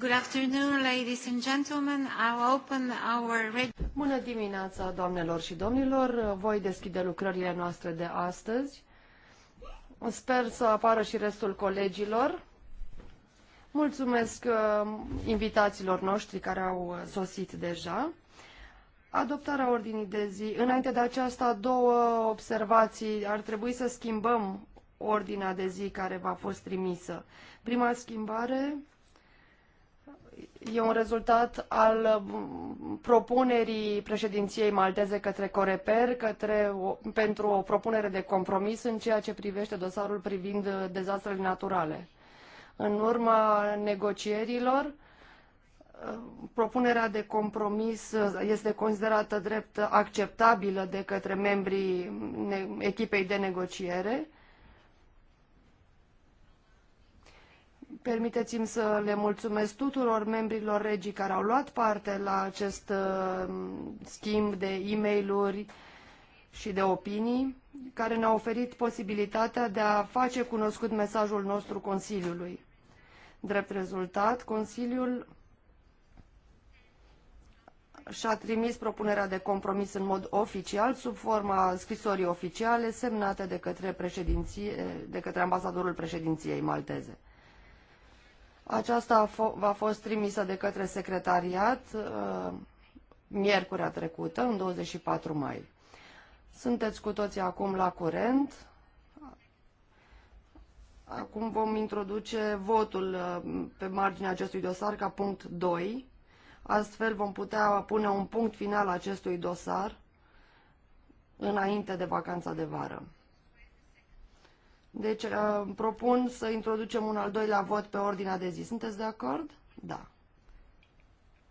Good afternoon, ladies and gentlemen. I'll open our... Bună dimineața, doamnelor și domnilor. Voi deschide lucrările noastre de astăzi. Sper să apară și restul colegilor. Mulțumesc uh, invitațiilor noștri care au sosit deja. Adoptarea ordinii de zi. Înainte de aceasta, două observații. Ar trebui să schimbăm ordinea de zi care v-a fost trimisă. Prima schimbare e un rezultat al mm, propunerii președinției malteze către Coreper către, pentru o propunere de compromis în ceea ce privește dosarul privind dezastrele naturale. În urma negocierilor, mm, propunerea de compromis este considerată drept acceptabilă de către membrii echipei de negociere Permiteți-mi să le mulțumesc tuturor membrilor regii care au luat parte la acest uh, schimb de e mail și de opinii, care ne-au oferit posibilitatea de a face cunoscut mesajul nostru Consiliului. Drept rezultat, Consiliul și-a trimis propunerea de compromis în mod oficial, sub forma scrisorii oficiale semnate de către, de către ambasadorul președinției malteze. Aceasta a, f- a fost trimisă de către secretariat uh, miercurea trecută, în 24 mai. Sunteți cu toții acum la curent. Acum vom introduce votul uh, pe marginea acestui dosar ca punct 2. Astfel vom putea pune un punct final acestui dosar înainte de vacanța de vară. Deci uh, propun să introducem un al doilea vot pe ordinea de zi. Sunteți de acord? Da.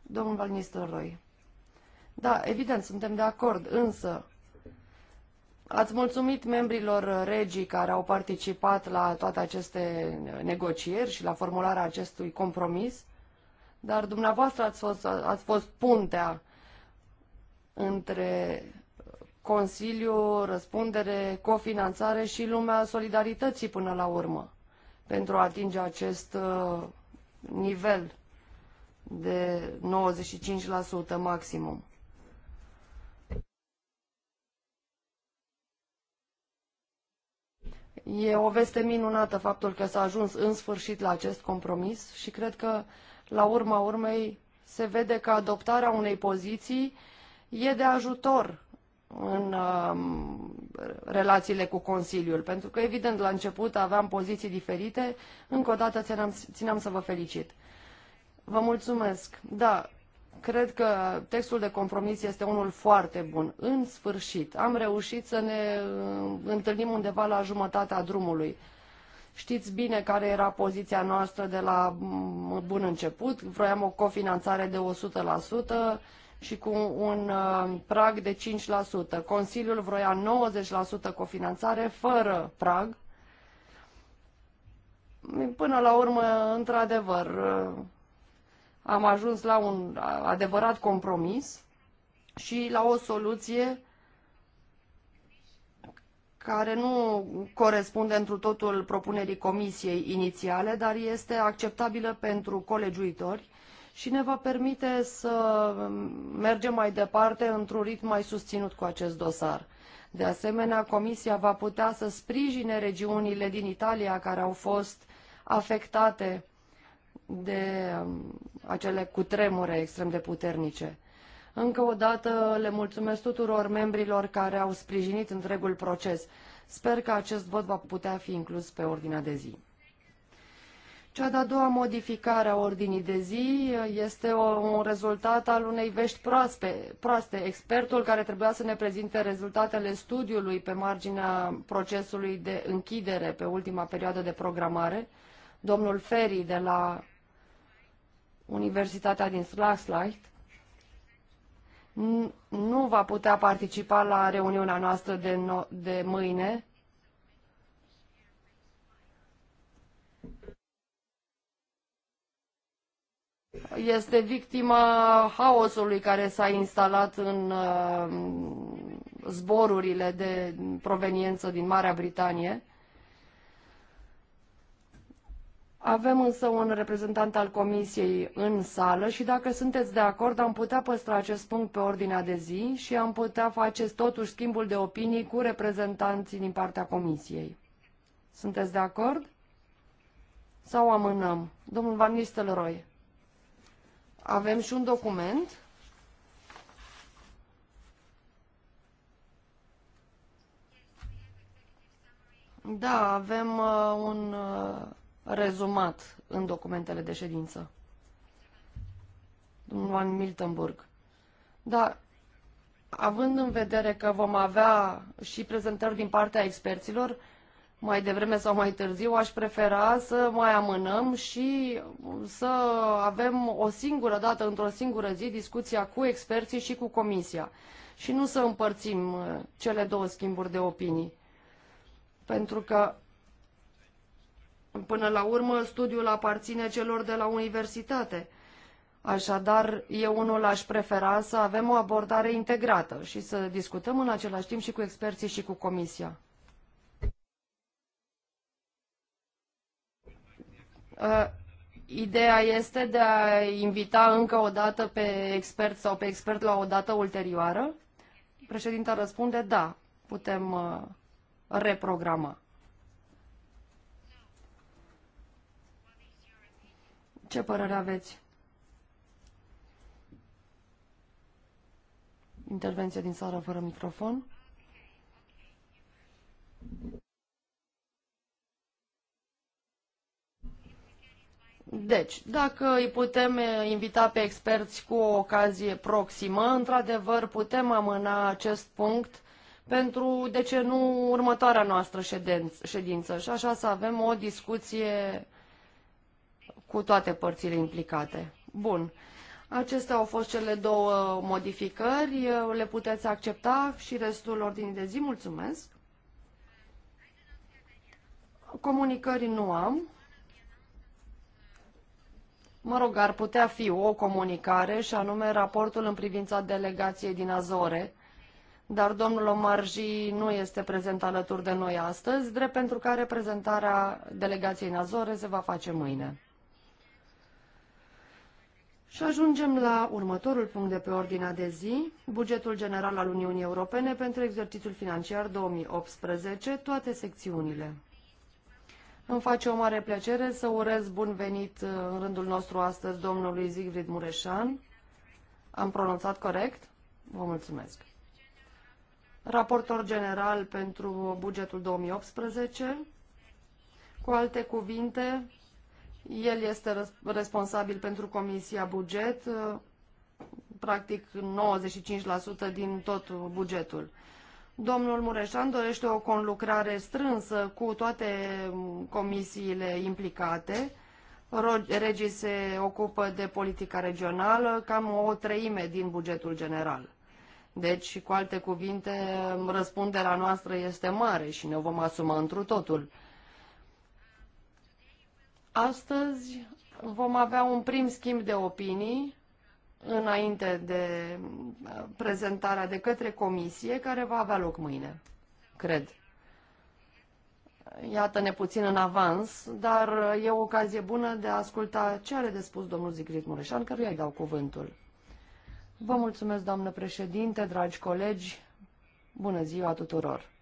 Domnul Van Roy. Da, evident, suntem de acord, însă ați mulțumit membrilor regii care au participat la toate aceste negocieri și la formularea acestui compromis, dar dumneavoastră ați fost, ați fost puntea între Consiliu, răspundere, cofinanțare și lumea solidarității până la urmă pentru a atinge acest uh, nivel de 95% maximum. E o veste minunată faptul că s-a ajuns în sfârșit la acest compromis și cred că, la urma urmei, se vede că adoptarea unei poziții e de ajutor în um, relațiile cu Consiliul, pentru că, evident, la început aveam poziții diferite. Încă o dată țineam, țineam să vă felicit. Vă mulțumesc. Da, cred că textul de compromis este unul foarte bun. În sfârșit, am reușit să ne um, întâlnim undeva la jumătatea drumului. Știți bine care era poziția noastră de la um, bun început. Vroiam o cofinanțare de 100% și cu un uh, prag de 5%. Consiliul vroia 90% cofinanțare fără prag. Până la urmă, într-adevăr, uh, am ajuns la un adevărat compromis și la o soluție care nu corespunde întru totul propunerii comisiei inițiale, dar este acceptabilă pentru colegiuitori și ne va permite să mergem mai departe într-un ritm mai susținut cu acest dosar. De asemenea, Comisia va putea să sprijine regiunile din Italia care au fost afectate de um, acele cutremure extrem de puternice. Încă o dată le mulțumesc tuturor membrilor care au sprijinit întregul proces. Sper că acest vot va putea fi inclus pe ordinea de zi. Cea de-a doua modificare a ordinii de zi este o un rezultat al unei vești proaste. proaste. Expertul care trebuia să ne prezinte rezultatele studiului pe marginea procesului de închidere pe ultima perioadă de programare, domnul Ferry de la Universitatea din Slaxlight, nu va putea participa la reuniunea noastră de, no de mâine, este victima haosului care s-a instalat în uh, zborurile de proveniență din Marea Britanie. Avem însă un reprezentant al Comisiei în sală și dacă sunteți de acord am putea păstra acest punct pe ordinea de zi și am putea face totuși schimbul de opinii cu reprezentanții din partea Comisiei. Sunteți de acord? Sau amânăm? Domnul Van Nistelrooy. Avem și un document Da, avem uh, un uh, rezumat în documentele de ședință. Domnul Miltenburg. Da, având în vedere că vom avea și prezentări din partea experților, mai devreme sau mai târziu, aș prefera să mai amânăm și să avem o singură dată, într-o singură zi, discuția cu experții și cu comisia și nu să împărțim uh, cele două schimburi de opinii. Pentru că, până la urmă, studiul aparține celor de la universitate. Așadar, eu unul aș prefera să avem o abordare integrată și să discutăm în același timp și cu experții și cu comisia. Uh, ideea este de a invita încă o dată pe expert sau pe expert la o dată ulterioară? Președinta răspunde, da, putem uh, reprograma. Ce părere aveți? Intervenție din sală fără microfon. Deci, dacă îi putem eh, invita pe experți cu o ocazie proximă, într-adevăr putem amâna acest punct pentru, de ce nu, următoarea noastră ședință și așa să avem o discuție cu toate părțile implicate. Bun. Acestea au fost cele două modificări. Eh, le puteți accepta și restul ordinii de zi. Mulțumesc. Comunicări nu am. Mă rog, ar putea fi o comunicare și anume raportul în privința delegației din Azore, dar domnul Omarji nu este prezent alături de noi astăzi, drept pentru care prezentarea delegației în Azore se va face mâine. Și ajungem la următorul punct de pe ordinea de zi, bugetul general al Uniunii Europene pentru exercițiul financiar 2018, toate secțiunile. Îmi face o mare plăcere să urez bun venit uh, în rândul nostru astăzi domnului Zigrid Mureșan. Am pronunțat corect? Vă mulțumesc. Raportor general pentru bugetul 2018. Cu alte cuvinte, el este responsabil pentru Comisia Buget, uh, practic 95% din tot bugetul. Domnul Mureșan dorește o conlucrare strânsă cu toate comisiile implicate. Regii se ocupă de politica regională, cam o treime din bugetul general. Deci, cu alte cuvinte, răspunderea noastră este mare și ne vom asuma întru totul. Astăzi vom avea un prim schimb de opinii înainte de uh, prezentarea de către comisie, care va avea loc mâine, cred. Iată-ne puțin în avans, dar uh, e o ocazie bună de a asculta ce are de spus domnul Zicrit Mureșan, căruia îi dau cuvântul. Vă mulțumesc, doamnă președinte, dragi colegi, bună ziua tuturor!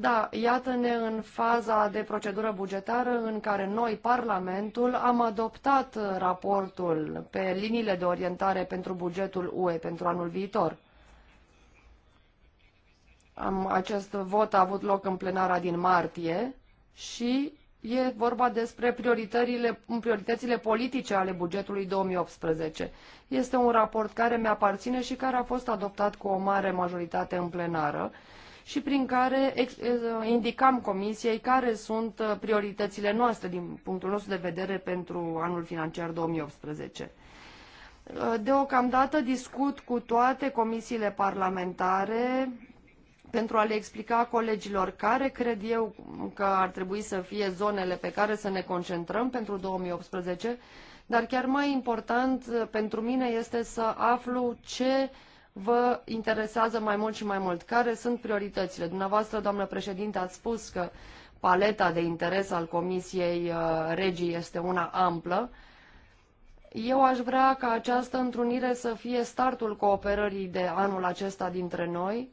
Da, iată-ne în faza de procedură bugetară în care noi, Parlamentul, am adoptat uh, raportul pe liniile de orientare pentru bugetul UE pentru anul viitor. Am, acest vot a avut loc în plenara din martie și e vorba despre prioritățile politice ale bugetului 2018. Este un raport care mi-aparține și care a fost adoptat cu o mare majoritate în plenară și prin care indicam Comisiei care sunt uh, prioritățile noastre din punctul nostru de vedere pentru anul financiar 2018. Uh, deocamdată discut cu toate comisiile parlamentare pentru a le explica colegilor care cred eu că ar trebui să fie zonele pe care să ne concentrăm pentru 2018, dar chiar mai important uh, pentru mine este să aflu ce vă interesează mai mult și mai mult. Care sunt prioritățile? Dumneavoastră, doamnă președinte, ați spus că paleta de interes al Comisiei uh, Regii este una amplă. Eu aș vrea ca această întrunire să fie startul cooperării de anul acesta dintre noi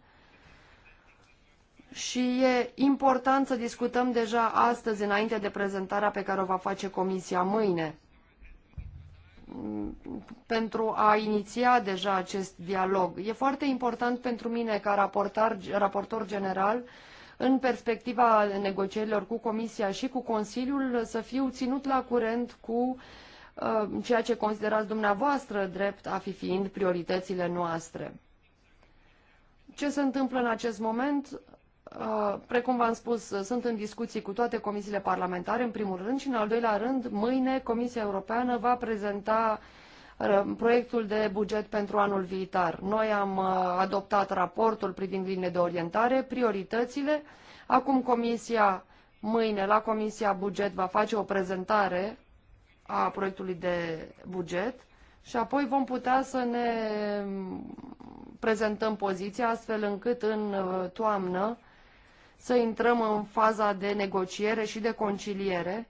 și e important să discutăm deja astăzi, înainte de prezentarea pe care o va face Comisia mâine pentru a iniția deja acest dialog. E foarte important pentru mine ca raportar, raportor general în perspectiva negocierilor cu Comisia și cu Consiliul să fiu ținut la curent cu uh, ceea ce considerați dumneavoastră drept a fi fiind prioritățile noastre. Ce se întâmplă în acest moment? Uh, precum v-am spus, sunt în discuții cu toate comisiile parlamentare, în primul rând, și în al doilea rând, mâine Comisia Europeană va prezenta uh, proiectul de buget pentru anul viitor. Noi am uh, adoptat raportul privind linile de orientare, prioritățile. Acum Comisia, mâine, la Comisia Buget va face o prezentare a proiectului de buget și apoi vom putea să ne mm, prezentăm poziția astfel încât în toamnă să intrăm în faza de negociere și de conciliere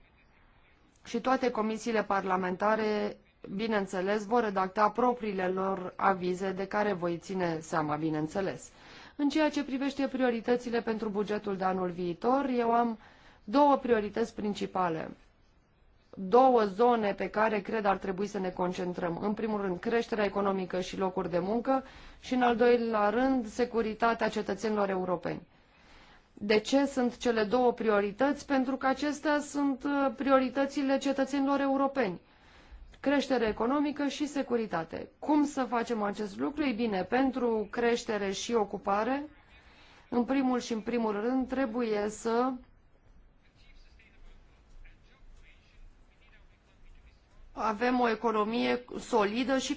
și toate comisiile parlamentare, bineînțeles, vor redacta propriile lor avize de care voi ține seama, bineînțeles. În ceea ce privește prioritățile pentru bugetul de anul viitor, eu am două priorități principale. Două zone pe care cred ar trebui să ne concentrăm. În primul rând, creșterea economică și locuri de muncă și, în al doilea rând, securitatea cetățenilor europeni. De ce sunt cele două priorități? Pentru că acestea sunt uh, prioritățile cetățenilor europeni. Creștere economică și securitate. Cum să facem acest lucru? Ei bine, pentru creștere și ocupare, în primul și în primul rând, trebuie să avem o economie solidă și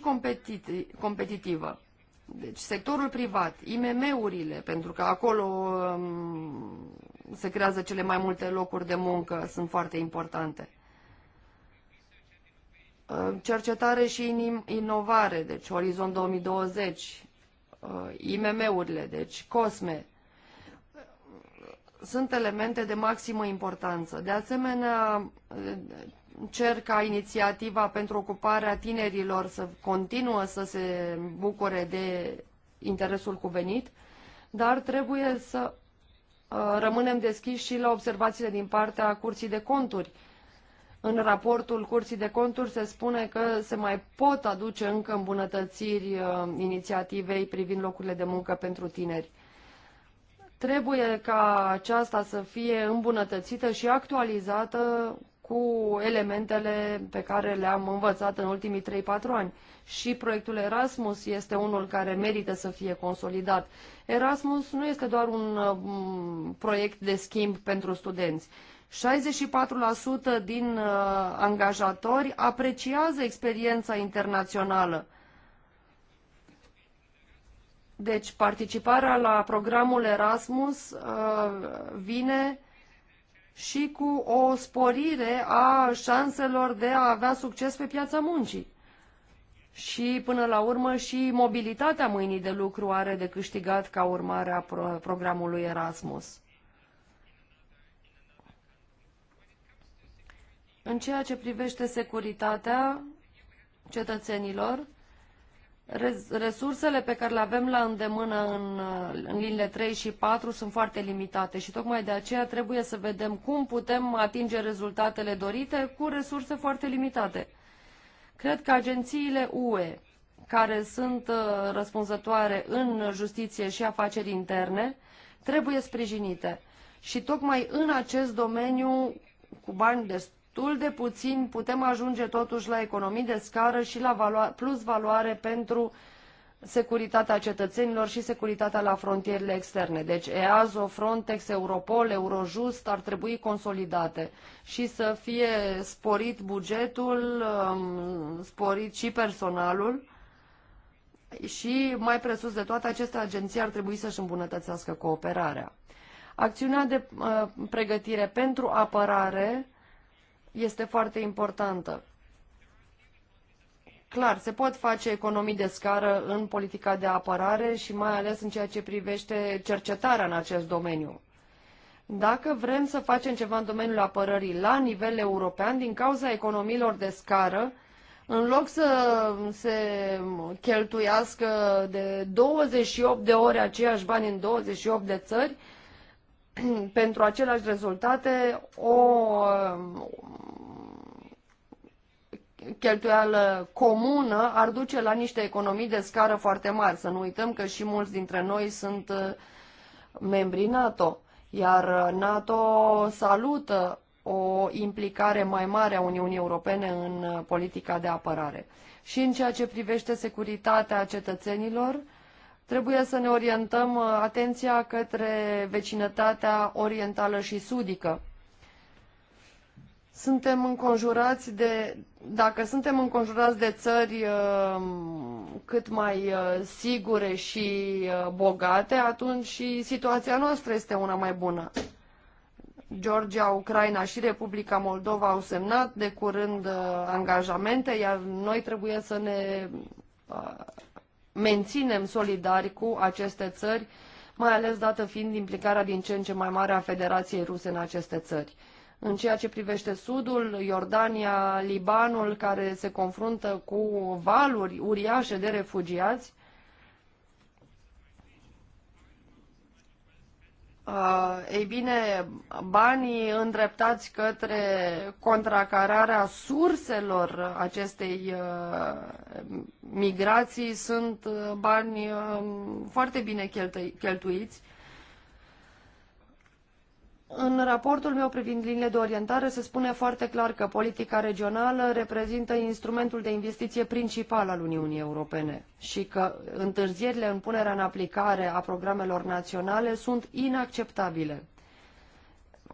competitivă. Deci sectorul privat, IMM-urile, pentru că acolo um, se creează cele mai multe locuri de muncă, sunt foarte importante. Uh, cercetare și inovare, deci Orizont 2020, uh, IMM-urile, deci COSME, sunt elemente de maximă importanță. De asemenea, uh, cer ca inițiativa pentru ocuparea tinerilor să continuă să se bucure de interesul cuvenit, dar trebuie să uh, rămânem deschiși și la observațiile din partea Curții de Conturi. În raportul Curții de Conturi se spune că se mai pot aduce încă îmbunătățiri uh, inițiativei privind locurile de muncă pentru tineri. Trebuie ca aceasta să fie îmbunătățită și actualizată cu elementele pe care le-am învățat în ultimii 3-4 ani. Și proiectul Erasmus este unul care merită să fie consolidat. Erasmus nu este doar un um, proiect de schimb pentru studenți. 64% din uh, angajatori apreciază experiența internațională. Deci participarea la programul Erasmus uh, vine și cu o sporire a șanselor de a avea succes pe piața muncii. Și, până la urmă, și mobilitatea mâinii de lucru are de câștigat ca urmare a programului Erasmus. În ceea ce privește securitatea cetățenilor, resursele pe care le avem la îndemână în, uh, în liniile 3 și 4 sunt foarte limitate și tocmai de aceea trebuie să vedem cum putem atinge rezultatele dorite cu resurse foarte limitate. Cred că agențiile UE, care sunt uh, răspunzătoare în justiție și afaceri interne, trebuie sprijinite. Și tocmai în acest domeniu, cu bani de destul de puțin putem ajunge totuși la economii de scară și la plus valoare pentru securitatea cetățenilor și securitatea la frontierele externe. Deci EASO, Frontex, Europol, Eurojust ar trebui consolidate și să fie sporit bugetul, um, sporit și personalul și mai presus de toate aceste agenții ar trebui să-și îmbunătățească cooperarea. Acțiunea de uh, pregătire pentru apărare este foarte importantă. Clar, se pot face economii de scară în politica de apărare și mai ales în ceea ce privește cercetarea în acest domeniu. Dacă vrem să facem ceva în domeniul apărării la nivel european, din cauza economiilor de scară, în loc să se cheltuiască de 28 de ore aceiași bani în 28 de țări, pentru aceleași rezultate, o, cheltuială comună ar duce la niște economii de scară foarte mari. Să nu uităm că și mulți dintre noi sunt uh, membri NATO, iar uh, NATO salută o implicare mai mare a Uniunii Europene în uh, politica de apărare. Și în ceea ce privește securitatea cetățenilor, trebuie să ne orientăm atenția către vecinătatea orientală și sudică suntem înconjurați de, dacă suntem înconjurați de țări uh, cât mai uh, sigure și uh, bogate, atunci și situația noastră este una mai bună. Georgia, Ucraina și Republica Moldova au semnat de curând angajamente, iar noi trebuie să ne menținem solidari cu aceste țări, mai ales dată fiind implicarea din ce în ce mai mare a Federației Ruse în aceste țări. În ceea ce privește Sudul, Iordania, Libanul, care se confruntă cu valuri uriașe de refugiați, Uh, ei bine, banii îndreptați către contracararea surselor acestei uh, migrații sunt bani uh, foarte bine cheltuiți în raportul meu privind liniile de orientare se spune foarte clar că politica regională reprezintă instrumentul de investiție principal al Uniunii Europene și că întârzierile în punerea în aplicare a programelor naționale sunt inacceptabile.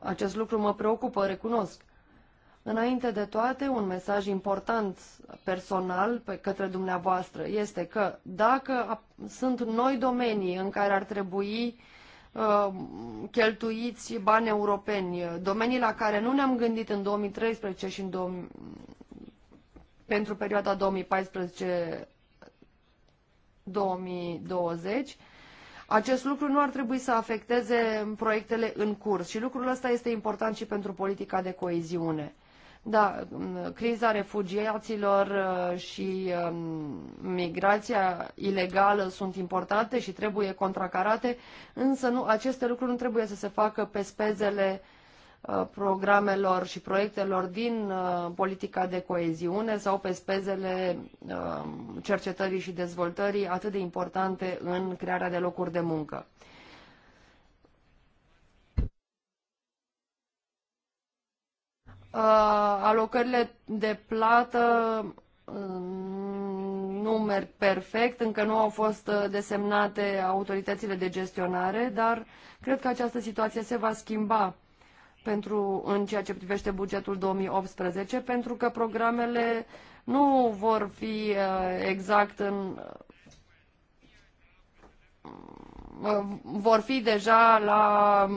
Acest lucru mă preocupă, recunosc. Înainte de toate, un mesaj important personal pe către dumneavoastră este că dacă sunt noi domenii în care ar trebui uh, Uh, cheltuiți bani europeni. Domenii la care nu ne-am gândit în 2013 și în 2000, pentru perioada 2014 2020, acest lucru nu ar trebui să afecteze proiectele în curs și lucrul ăsta este important și pentru politica de coeziune. Da, criza refugiaților uh, și um, migrația ilegală sunt importante și trebuie contracarate, însă nu, aceste lucruri nu trebuie să se facă pe spezele uh, programelor și proiectelor din uh, politica de coeziune sau pe spezele um, cercetării și dezvoltării atât de importante în crearea de locuri de muncă. Uh, alocările de plată uh, nu merg perfect, încă nu au fost uh, desemnate autoritățile de gestionare, dar cred că această situație se va schimba pentru, în ceea ce privește bugetul 2018, pentru că programele nu vor fi exact în vor fi deja la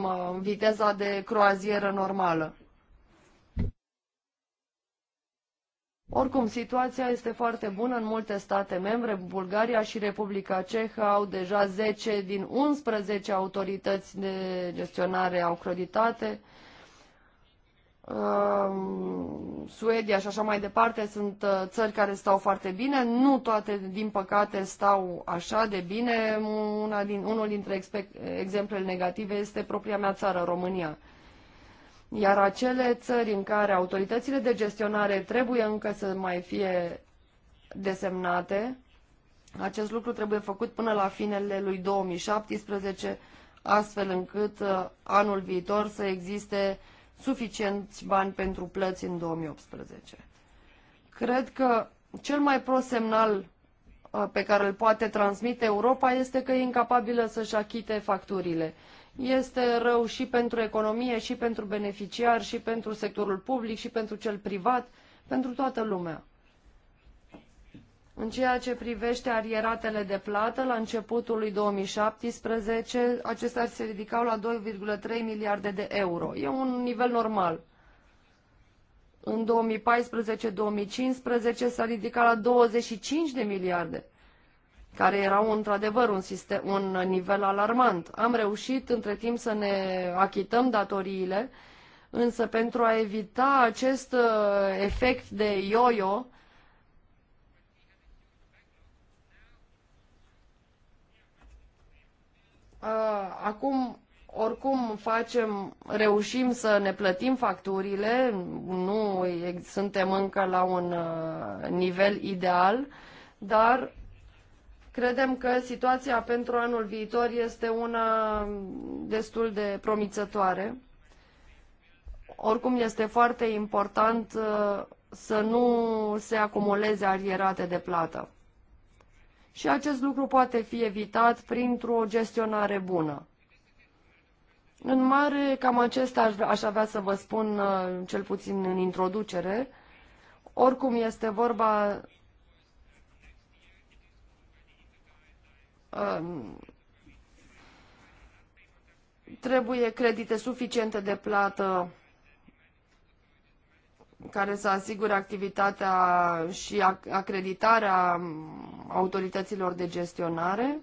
viteza de croazieră normală. Oricum, situația este foarte bună în multe state membre. Bulgaria și Republica Cehă au deja 10 din 11 autorități de gestionare au creditate. Suedia și așa mai departe sunt uh, țări care stau foarte bine. Nu toate, din păcate, stau așa de bine. Una din, unul dintre exemplele negative este propria mea țară, România. Iar acele țări în care autoritățile de gestionare trebuie încă să mai fie desemnate, acest lucru trebuie făcut până la finele lui 2017, astfel încât uh, anul viitor să existe suficienți bani pentru plăți în 2018. Cred că cel mai prost semnal uh, pe care îl poate transmite Europa este că e incapabilă să-și achite facturile. Este rău și pentru economie, și pentru beneficiar, și pentru sectorul public, și pentru cel privat, pentru toată lumea. În ceea ce privește arieratele de plată, la începutul lui 2017, acestea se ridicau la 2,3 miliarde de euro. E un nivel normal. În 2014-2015 s-a ridicat la 25 de miliarde care erau într-adevăr un, sistem, un nivel alarmant. Am reușit între timp să ne achităm datoriile, însă pentru a evita acest uh, efect de yo-yo, uh, acum oricum facem, reușim să ne plătim facturile, nu suntem încă la un uh, nivel ideal, dar Credem că situația pentru anul viitor este una destul de promițătoare. Oricum este foarte important uh, să nu se acumuleze arierate de plată. Și acest lucru poate fi evitat printr-o gestionare bună. În mare, cam acesta aș avea să vă spun, uh, cel puțin în introducere. Oricum este vorba trebuie credite suficiente de plată care să asigure activitatea și acreditarea autorităților de gestionare.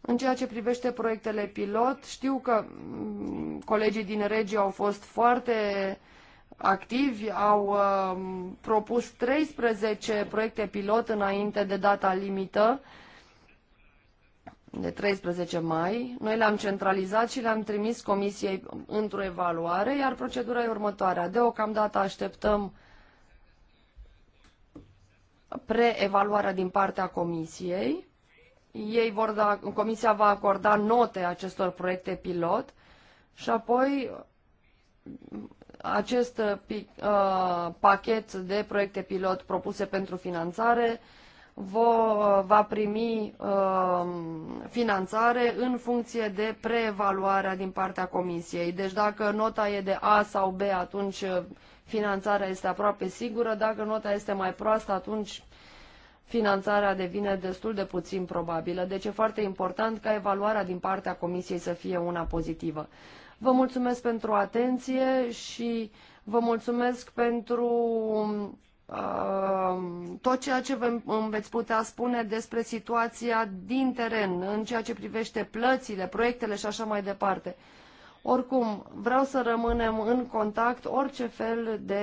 În ceea ce privește proiectele pilot, știu că mm, colegii din regie au fost foarte activi, au um, propus 13 proiecte pilot înainte de data limită de 13 mai. Noi le-am centralizat și le-am trimis comisiei într-o evaluare, iar procedura e următoarea. Deocamdată așteptăm preevaluarea din partea comisiei. Ei vor da, comisia va acorda note acestor proiecte pilot și apoi acest uh, pachet de proiecte pilot propuse pentru finanțare uh, va primi um, finanțare în funcție de preevaluarea din partea comisiei. Deci dacă nota e de A sau B, atunci uh, finanțarea este aproape sigură. Dacă nota este mai proastă, atunci finanțarea devine destul de puțin probabilă. Deci e foarte important ca evaluarea din partea comisiei să fie una pozitivă. Vă mulțumesc pentru atenție și vă mulțumesc pentru um, tot ceea ce îmi veți putea spune despre situația din teren, în ceea ce privește plățile, proiectele și așa mai departe. Oricum, vreau să rămânem în contact. Orice fel de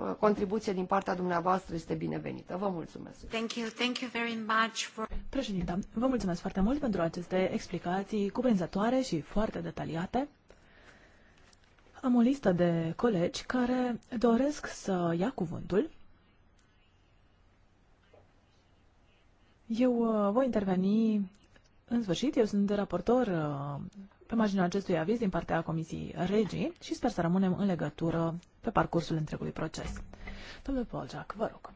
uh, contribuție din partea dumneavoastră este binevenită. Vă mulțumesc. Thank you. Thank you very much for... Președinte, vă mulțumesc foarte mult pentru aceste explicații cuprinzătoare și foarte detaliate. Am o listă de colegi care doresc să ia cuvântul. Eu uh, voi interveni în sfârșit. Eu sunt raportor uh, pe marginea acestui aviz din partea Comisiei Regii și sper să rămânem în legătură pe parcursul întregului proces. Domnule Poljac, vă rog.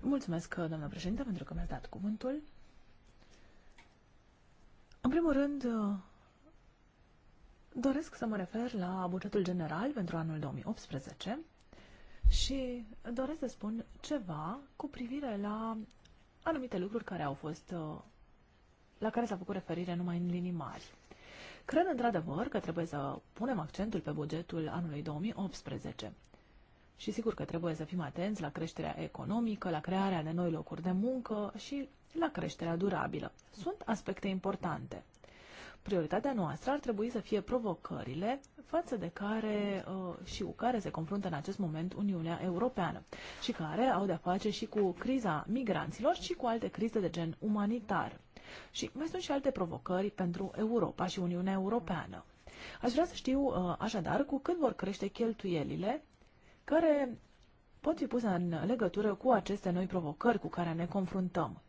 Mulțumesc, uh, doamnă președinte, pentru că mi-ați dat cuvântul. În primul rând, Doresc să mă refer la bugetul general pentru anul 2018 și doresc să spun ceva cu privire la anumite lucruri care au fost uh, la care s-a făcut referire numai în linii mari. Cred într-adevăr că trebuie să punem accentul pe bugetul anului 2018. Și sigur că trebuie să fim atenți la creșterea economică, la crearea de noi locuri de muncă și la creșterea durabilă. Sunt aspecte importante. Prioritatea noastră ar trebui să fie provocările față de care uh, și cu care se confruntă în acest moment Uniunea Europeană și care au de-a face și cu criza migranților și cu alte crize de gen umanitar. Și mai sunt și alte provocări pentru Europa și Uniunea Europeană. Aș vrea să știu uh, așadar cu cât vor crește cheltuielile care pot fi puse în legătură cu aceste noi provocări cu care ne confruntăm.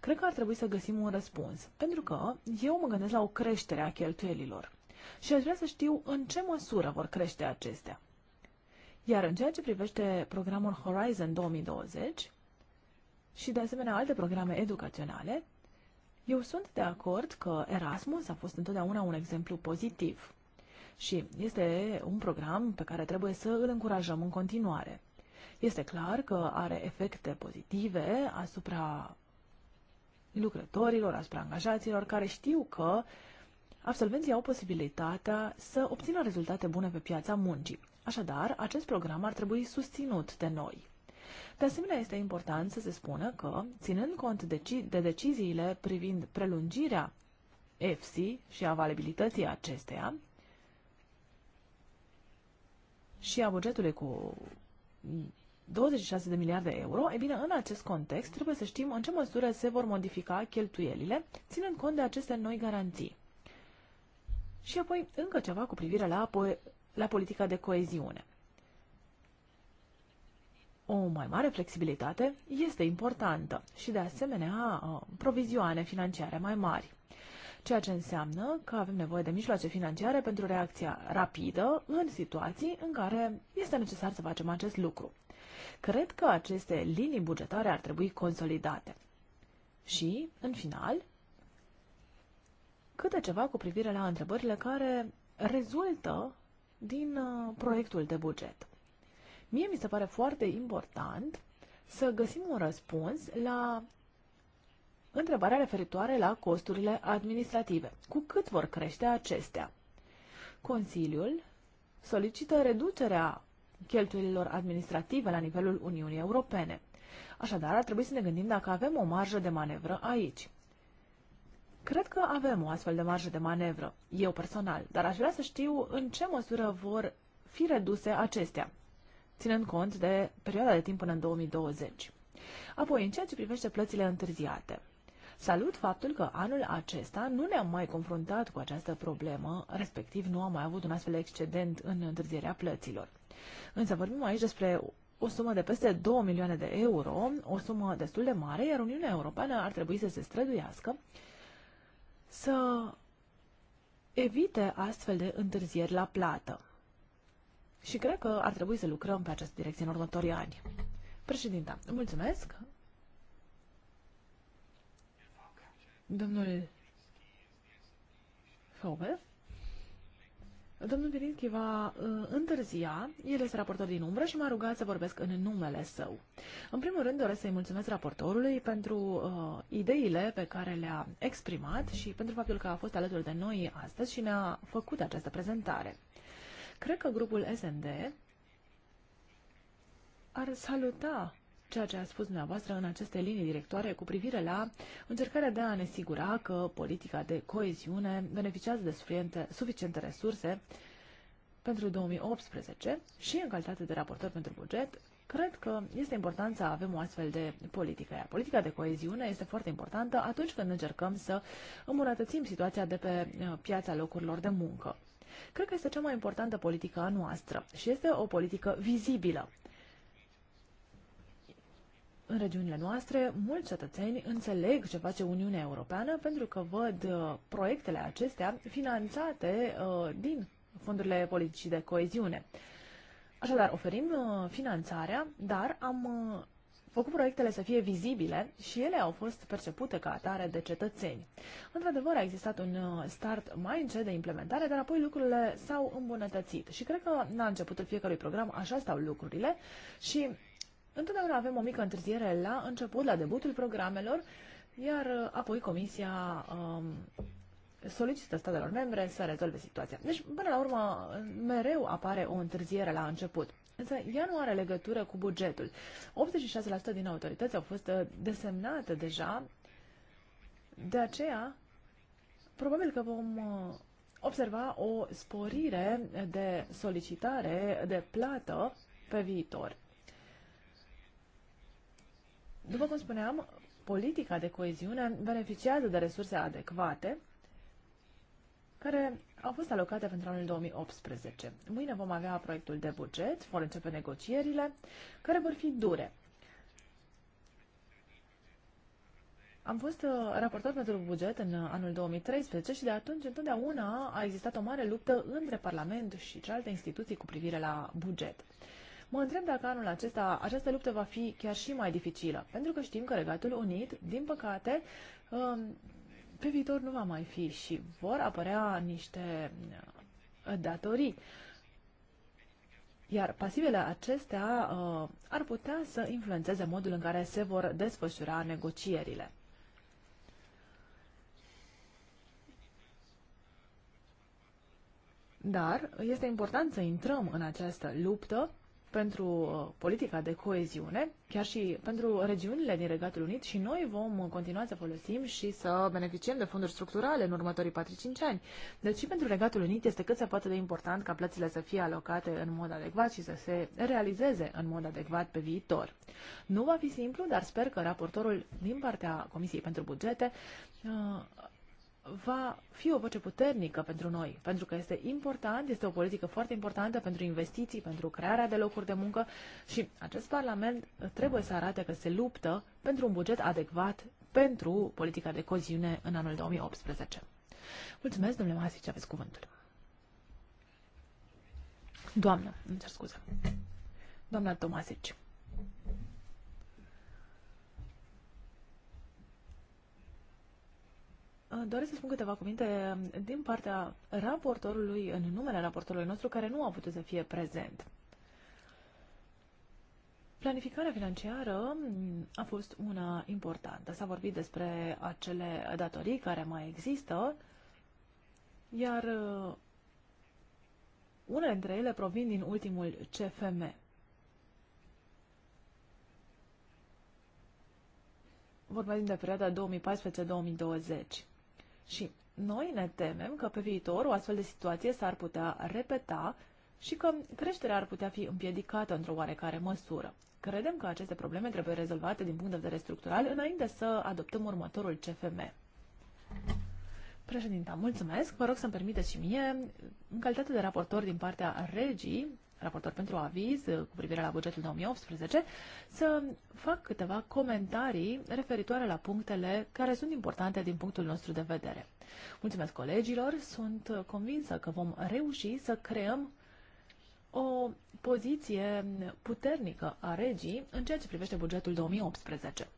Cred că ar trebui să găsim un răspuns, pentru că eu mă gândesc la o creștere a cheltuielilor și aș vrea să știu în ce măsură vor crește acestea. Iar în ceea ce privește programul Horizon 2020 și de asemenea alte programe educaționale, eu sunt de acord că Erasmus a fost întotdeauna un exemplu pozitiv și este un program pe care trebuie să îl încurajăm în continuare. Este clar că are efecte pozitive asupra lucrătorilor, asupra angajaților, care știu că absolvenții au posibilitatea să obțină rezultate bune pe piața muncii. Așadar, acest program ar trebui susținut de noi. De asemenea, este important să se spună că, ținând cont deci de deciziile privind prelungirea EFSI și a valabilității acesteia și a bugetului cu 26 de miliarde de euro, e bine, în acest context trebuie să știm în ce măsură se vor modifica cheltuielile, ținând cont de aceste noi garanții. Și apoi încă ceva cu privire la, po- la politica de coeziune. O mai mare flexibilitate este importantă și, de asemenea, provizioane financiare mai mari ceea ce înseamnă că avem nevoie de mijloace financiare pentru reacția rapidă în situații în care este necesar să facem acest lucru. Cred că aceste linii bugetare ar trebui consolidate. Și, în final, câte ceva cu privire la întrebările care rezultă din uh, proiectul de buget. Mie mi se pare foarte important să găsim un răspuns la întrebarea referitoare la costurile administrative. Cu cât vor crește acestea? Consiliul solicită reducerea cheltuielilor administrative la nivelul Uniunii Europene. Așadar, ar trebui să ne gândim dacă avem o marjă de manevră aici. Cred că avem o astfel de marjă de manevră, eu personal, dar aș vrea să știu în ce măsură vor fi reduse acestea, ținând cont de perioada de timp până în 2020. Apoi, în ceea ce privește plățile întârziate, salut faptul că anul acesta nu ne-am mai confruntat cu această problemă, respectiv nu am mai avut un astfel de excedent în întârzierea plăților. Însă vorbim aici despre o sumă de peste 2 milioane de euro, o sumă destul de mare, iar Uniunea Europeană ar trebui să se străduiască să evite astfel de întârzieri la plată. Și cred că ar trebui să lucrăm pe această direcție în următorii ani. Președinta, mulțumesc. Domnul Faubel Domnul Birinski va uh, întârzia, el este raportor din umbră și m-a rugat să vorbesc în numele său. În primul rând doresc să-i mulțumesc raportorului pentru uh, ideile pe care le-a exprimat și pentru faptul că a fost alături de noi astăzi și ne-a făcut această prezentare. Cred că grupul SND ar saluta ceea ce a spus dumneavoastră în aceste linii directoare cu privire la încercarea de a ne asigura că politica de coeziune beneficiază de suficiente, suficiente resurse pentru 2018 și în calitate de raportor pentru buget, cred că este important să avem o astfel de politică. Iar politica de coeziune este foarte importantă atunci când încercăm să îmbunătățim situația de pe uh, piața locurilor de muncă. Cred că este cea mai importantă politică a noastră și este o politică vizibilă în regiunile noastre, mulți cetățeni înțeleg ce face Uniunea Europeană pentru că văd uh, proiectele acestea finanțate uh, din fondurile politicii de coeziune. Așadar, oferim uh, finanțarea, dar am uh, făcut proiectele să fie vizibile și ele au fost percepute ca atare de cetățeni. Într-adevăr, a existat un uh, start mai încet de implementare, dar apoi lucrurile s-au îmbunătățit și cred că la începutul fiecărui program așa stau lucrurile și Întotdeauna avem o mică întârziere la început, la debutul programelor, iar uh, apoi Comisia um, solicită statelor membre să rezolve situația. Deci, până la urmă, mereu apare o întârziere la început. Însă ea nu are legătură cu bugetul. 86% din autorități au fost uh, desemnate deja, de aceea, probabil că vom uh, observa o sporire de solicitare de plată pe viitor. După cum spuneam, politica de coeziune beneficiază de resurse adecvate care au fost alocate pentru anul 2018. Mâine vom avea proiectul de buget, vor începe negocierile, care vor fi dure. Am fost uh, raportor pentru buget în anul 2013 și de atunci întotdeauna a existat o mare luptă între Parlament și celelalte instituții cu privire la buget. Mă întreb dacă anul acesta această luptă va fi chiar și mai dificilă, pentru că știm că Regatul Unit, din păcate, um, pe viitor nu va mai fi și vor apărea niște uh, datorii. Iar pasivele acestea uh, ar putea să influențeze modul în care se vor desfășura negocierile. Dar este important să intrăm în această luptă pentru uh, politica de coeziune, chiar și pentru regiunile din Regatul Unit și noi vom continua să folosim și să beneficiem de fonduri structurale în următorii 4-5 ani. Deci și pentru Regatul Unit este cât se poate de important ca plățile să fie alocate în mod adecvat și să se realizeze în mod adecvat pe viitor. Nu va fi simplu, dar sper că raportorul din partea Comisiei pentru Bugete uh, va fi o voce puternică pentru noi, pentru că este important, este o politică foarte importantă pentru investiții, pentru crearea de locuri de muncă și acest Parlament trebuie să arate că se luptă pentru un buget adecvat pentru politica de coziune în anul 2018. Mulțumesc, domnule Masici, aveți cuvântul. Doamnă, îmi cer scuze. Doamna Tomasici. Uh, doresc să spun câteva cuvinte um, din partea raportorului, în numele raportorului nostru, care nu a putut să fie prezent. Planificarea financiară mm, a fost una importantă. S-a vorbit despre acele datorii care mai există, iar uh, unele dintre ele provin din ultimul CFM. Vorbim de perioada 2014-2020. Și noi ne temem că pe viitor o astfel de situație s-ar putea repeta și că creșterea ar putea fi împiedicată într-o oarecare măsură. Credem că aceste probleme trebuie rezolvate din punct de vedere structural înainte să adoptăm următorul CFM. Președinta, mulțumesc. Vă rog să-mi permiteți și mie, în calitate de raportor din partea regii, raportor pentru aviz uh, cu privire la bugetul 2018, să fac câteva comentarii referitoare la punctele care sunt importante din punctul nostru de vedere. Mulțumesc colegilor, sunt convinsă că vom reuși să creăm o poziție puternică a regii în ceea ce privește bugetul 2018.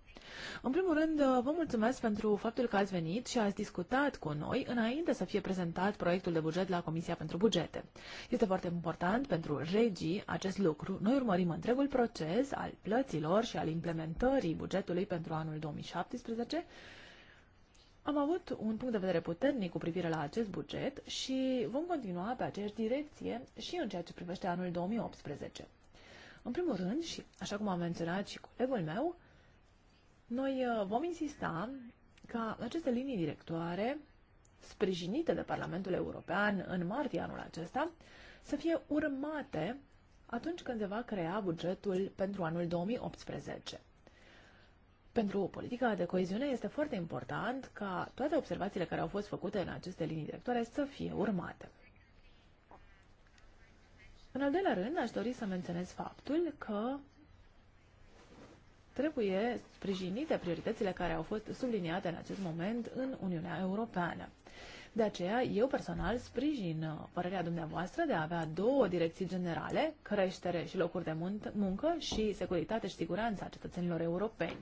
În primul rând, uh, vă mulțumesc pentru faptul că ați venit și ați discutat cu noi înainte să fie prezentat proiectul de buget la Comisia pentru Bugete. Este foarte important pentru regii acest lucru. Noi urmărim întregul proces al plăților și al implementării bugetului pentru anul 2017 am avut un punct de vedere puternic cu privire la acest buget și vom continua pe aceeași direcție și în ceea ce privește anul 2018. În primul rând, și așa cum am menționat și colegul meu, noi uh, vom insista ca aceste linii directoare, sprijinite de Parlamentul European în martie anul acesta, să fie urmate atunci când se va crea bugetul pentru anul 2018. Pentru politica de coeziune este foarte important ca toate observațiile care au fost făcute în aceste linii directoare să fie urmate. În al doilea rând, aș dori să menționez faptul că trebuie sprijinite prioritățile care au fost subliniate în acest moment în Uniunea Europeană. De aceea, eu personal sprijin uh, părerea dumneavoastră de a avea două direcții generale, creștere și locuri de muncă și securitate și siguranța cetățenilor europeni.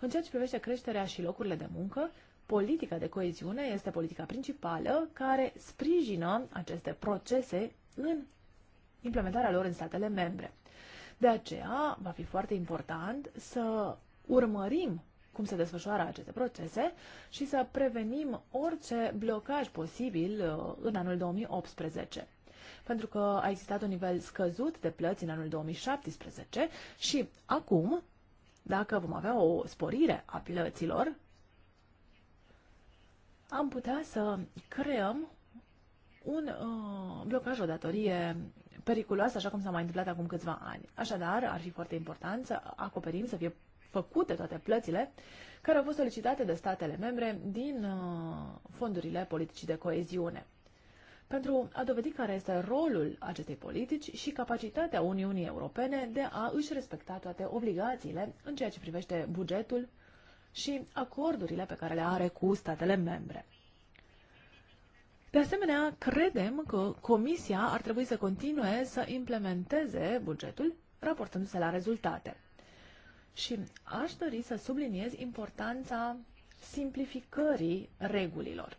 În ceea ce privește creșterea și locurile de muncă, politica de coeziune este politica principală care sprijină aceste procese în implementarea lor în statele membre. De aceea va fi foarte important să urmărim cum se desfășoară aceste procese și să prevenim orice blocaj posibil uh, în anul 2018 pentru că a existat un nivel scăzut de plăți în anul 2017 și acum, dacă vom avea o sporire a plăților, am putea să creăm un uh, blocaj o datorie periculoasă, așa cum s-a mai întâmplat acum câțiva ani. Așadar, ar fi foarte important să acoperim, să fie făcute toate plățile care au fost solicitate de statele membre din uh, fondurile politicii de coeziune. Pentru a dovedi care este rolul acestei politici și capacitatea Uniunii Europene de a își respecta toate obligațiile în ceea ce privește bugetul și acordurile pe care le are cu statele membre. De asemenea, credem că Comisia ar trebui să continue să implementeze bugetul raportându-se la rezultate. Și aș dori să subliniez importanța simplificării regulilor.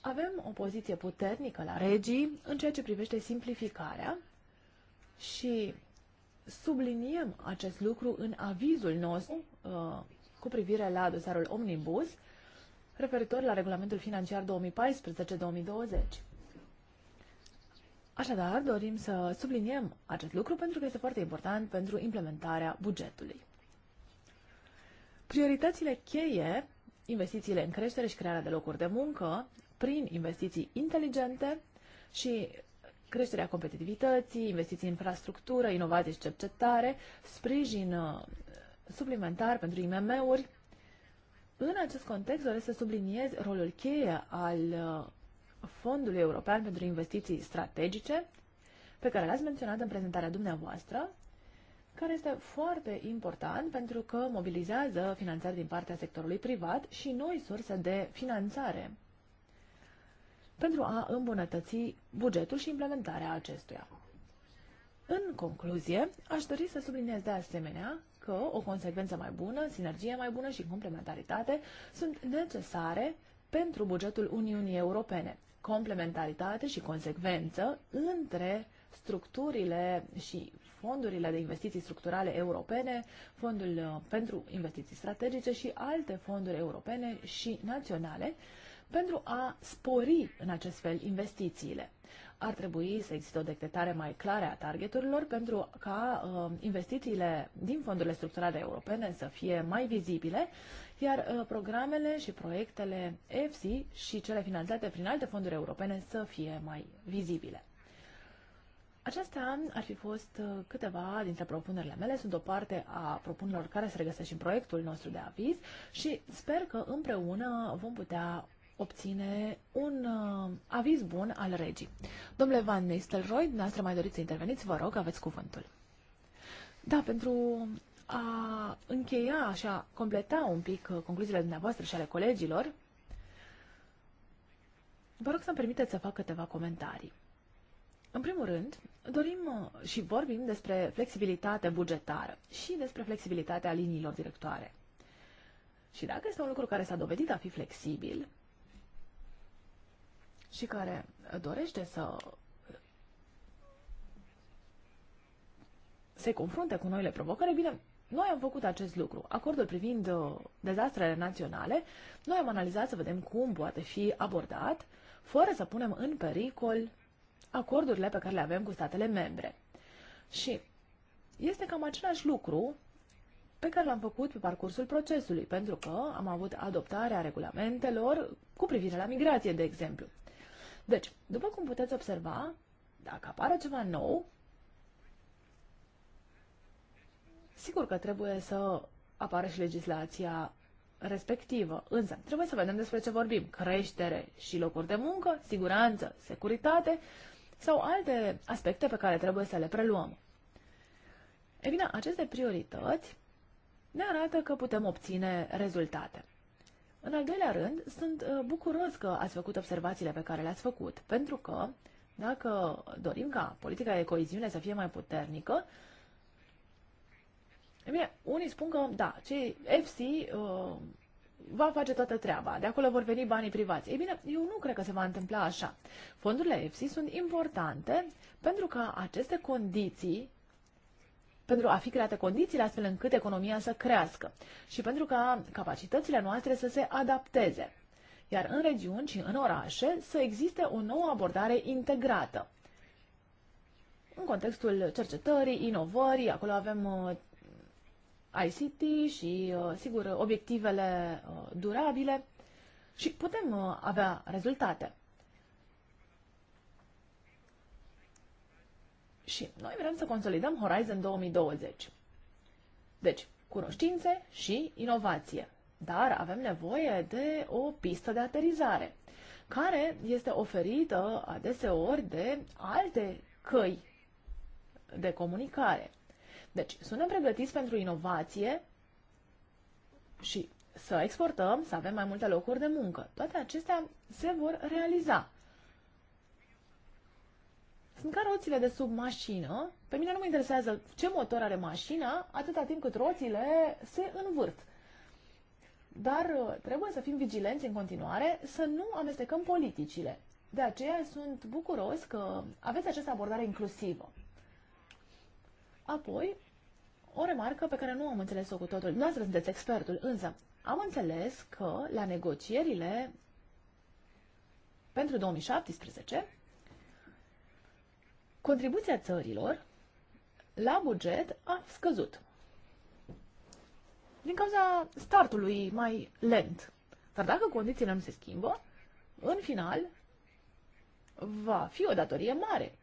Avem o poziție puternică la regii în ceea ce privește simplificarea și subliniem acest lucru în avizul nostru uh, cu privire la dosarul Omnibus, referitor la regulamentul financiar 2014-2020. Așadar, dorim să subliniem acest lucru pentru că este foarte important pentru implementarea bugetului. Prioritățile cheie, investițiile în creștere și crearea de locuri de muncă, prin investiții inteligente și creșterea competitivității, investiții în infrastructură, inovație și cercetare, sprijin uh, suplimentar pentru IMM-uri, în acest context doresc să subliniez rolul cheie al uh, Fondului European pentru Investiții Strategice, pe care l-ați menționat în prezentarea dumneavoastră, care este foarte important pentru că mobilizează finanțări din partea sectorului privat și noi surse de finanțare pentru a îmbunătăți bugetul și implementarea acestuia. În concluzie, aș dori să subliniez de asemenea că o consecvență mai bună, sinergie mai bună și complementaritate sunt necesare pentru bugetul Uniunii Europene. Complementaritate și consecvență între structurile și fondurile de investiții structurale europene, fondul uh, pentru investiții strategice și alte fonduri europene și naționale pentru a spori în acest fel investițiile. Ar trebui să existe o decretare mai clară a targeturilor pentru ca uh, investițiile din fondurile structurale europene să fie mai vizibile, iar uh, programele și proiectele EFSI și cele finanțate prin alte fonduri europene să fie mai vizibile. Acestea ar fi fost uh, câteva dintre propunerile mele. Sunt o parte a propunerilor care se regăsesc și în proiectul nostru de aviz și sper că împreună vom putea obține un uh, aviz bun al regii. Domnule Van Nistelrooy, dumneavoastră mai doriți să interveniți, vă rog, aveți cuvântul. Da, pentru a încheia așa completa un pic uh, concluziile dumneavoastră și ale colegilor, vă rog să-mi permiteți să fac câteva comentarii. În primul rând, dorim uh, și vorbim despre flexibilitate bugetară și despre flexibilitatea liniilor directoare. Și dacă este un lucru care s-a dovedit a fi flexibil, și care dorește să se confrunte cu noile provocări, bine, noi am făcut acest lucru. Acordul privind uh, dezastrele naționale, noi am analizat să vedem cum poate fi abordat, fără să punem în pericol acordurile pe care le avem cu statele membre. Și este cam același lucru pe care l-am făcut pe parcursul procesului, pentru că am avut adoptarea regulamentelor cu privire la migrație, de exemplu. Deci, după cum puteți observa, dacă apare ceva nou, sigur că trebuie să apară și legislația respectivă. Însă, trebuie să vedem despre ce vorbim. Creștere și locuri de muncă, siguranță, securitate sau alte aspecte pe care trebuie să le preluăm. E bine, aceste priorități ne arată că putem obține rezultate. În al doilea rând, sunt uh, bucuros că ați făcut observațiile pe care le-ați făcut, pentru că dacă dorim ca politica de coeziune să fie mai puternică, e bine, unii spun că, da, cei FC uh, va face toată treaba, de acolo vor veni banii privați. Ei bine, eu nu cred că se va întâmpla așa. Fondurile FC sunt importante pentru că aceste condiții pentru a fi create condițiile astfel încât economia să crească și pentru ca capacitățile noastre să se adapteze. Iar în regiuni și în orașe să existe o nouă abordare integrată. În contextul cercetării, inovării, acolo avem uh, ICT și, uh, sigur, obiectivele uh, durabile și putem avea rezultate. Și noi vrem să consolidăm Horizon 2020. Deci, cunoștințe și inovație. Dar avem nevoie de o pistă de aterizare, care este oferită adeseori de alte căi de comunicare. Deci, suntem pregătiți pentru inovație și să exportăm, să avem mai multe locuri de muncă. Toate acestea se vor realiza sunt ca roțile de sub mașină. Pe mine nu mă interesează ce motor are mașina, atâta timp cât roțile se învârt. Dar uh, trebuie să fim vigilenți în continuare, să nu amestecăm politicile. De aceea sunt bucuros că aveți această abordare inclusivă. Apoi, o remarcă pe care nu am înțeles-o cu totul. Nu ați sunteți expertul, însă am înțeles că la negocierile pentru 2017 contribuția țărilor la buget a scăzut. Din cauza startului mai lent. Dar dacă condițiile nu se schimbă, în final va fi o datorie mare.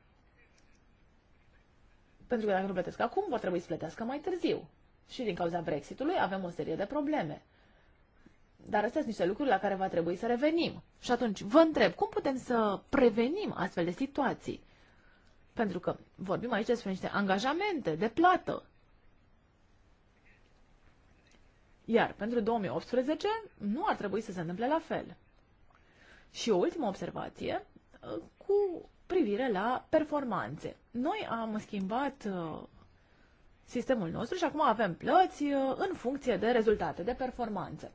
Pentru că dacă nu plătesc acum, va trebui să plătească mai târziu. Și din cauza Brexitului avem o serie de probleme. Dar astea sunt niște lucruri la care va trebui să revenim. Și atunci vă întreb, cum putem să prevenim astfel de situații? Pentru că vorbim aici despre niște angajamente de plată. Iar pentru 2018 nu ar trebui să se întâmple la fel. Și o ultimă observație uh, cu privire la performanțe. Noi am schimbat uh, sistemul nostru și acum avem plăți uh, în funcție de rezultate, de performanțe.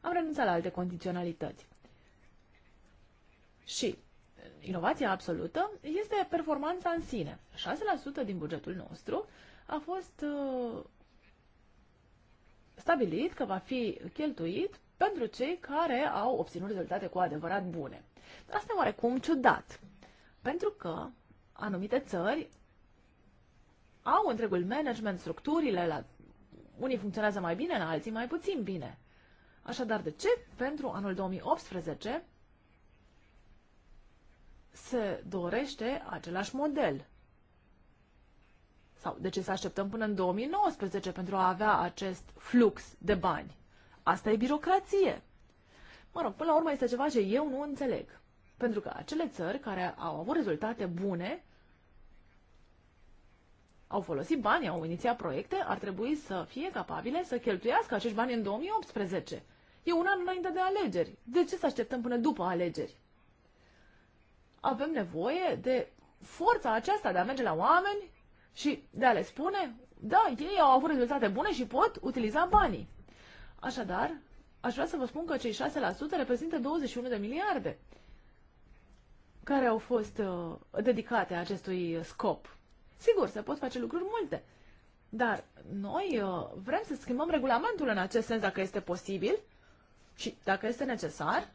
Am renunțat la alte condiționalități. Și inovația absolută este performanța în sine. 6% din bugetul nostru a fost uh, stabilit că va fi cheltuit pentru cei care au obținut rezultate cu adevărat bune. Asta e oarecum ciudat, pentru că anumite țări au întregul management, structurile, la unii funcționează mai bine, la alții mai puțin bine. Așadar, de ce pentru anul 2018 se dorește același model. Sau de ce să așteptăm până în 2019 pentru a avea acest flux de bani? Asta e birocrație. Mă rog, până la urmă este ceva ce eu nu înțeleg. Pentru că acele țări care au avut rezultate bune, au folosit bani, au inițiat proiecte, ar trebui să fie capabile să cheltuiască acești bani în 2018. E un an înainte de alegeri. De ce să așteptăm până după alegeri? avem nevoie de forța aceasta de a merge la oameni și de a le spune, da, ei au avut rezultate bune și pot utiliza banii. Așadar, aș vrea să vă spun că cei 6% reprezintă 21 de miliarde care au fost uh, dedicate acestui uh, scop. Sigur, se pot face lucruri multe, dar noi uh, vrem să schimbăm regulamentul în acest sens dacă este posibil și dacă este necesar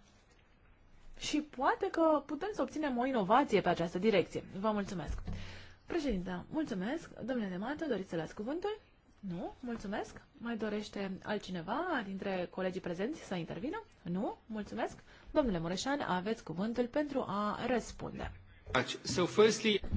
și poate că putem să obținem o inovație pe această direcție. Vă mulțumesc! Președinte, mulțumesc. Domnule Demată, doriți să luați cuvântul? Nu? Mulțumesc. Mai dorește altcineva dintre colegii prezenți să intervină? Nu? Mulțumesc. Domnule Mureșan, aveți cuvântul pentru a răspunde.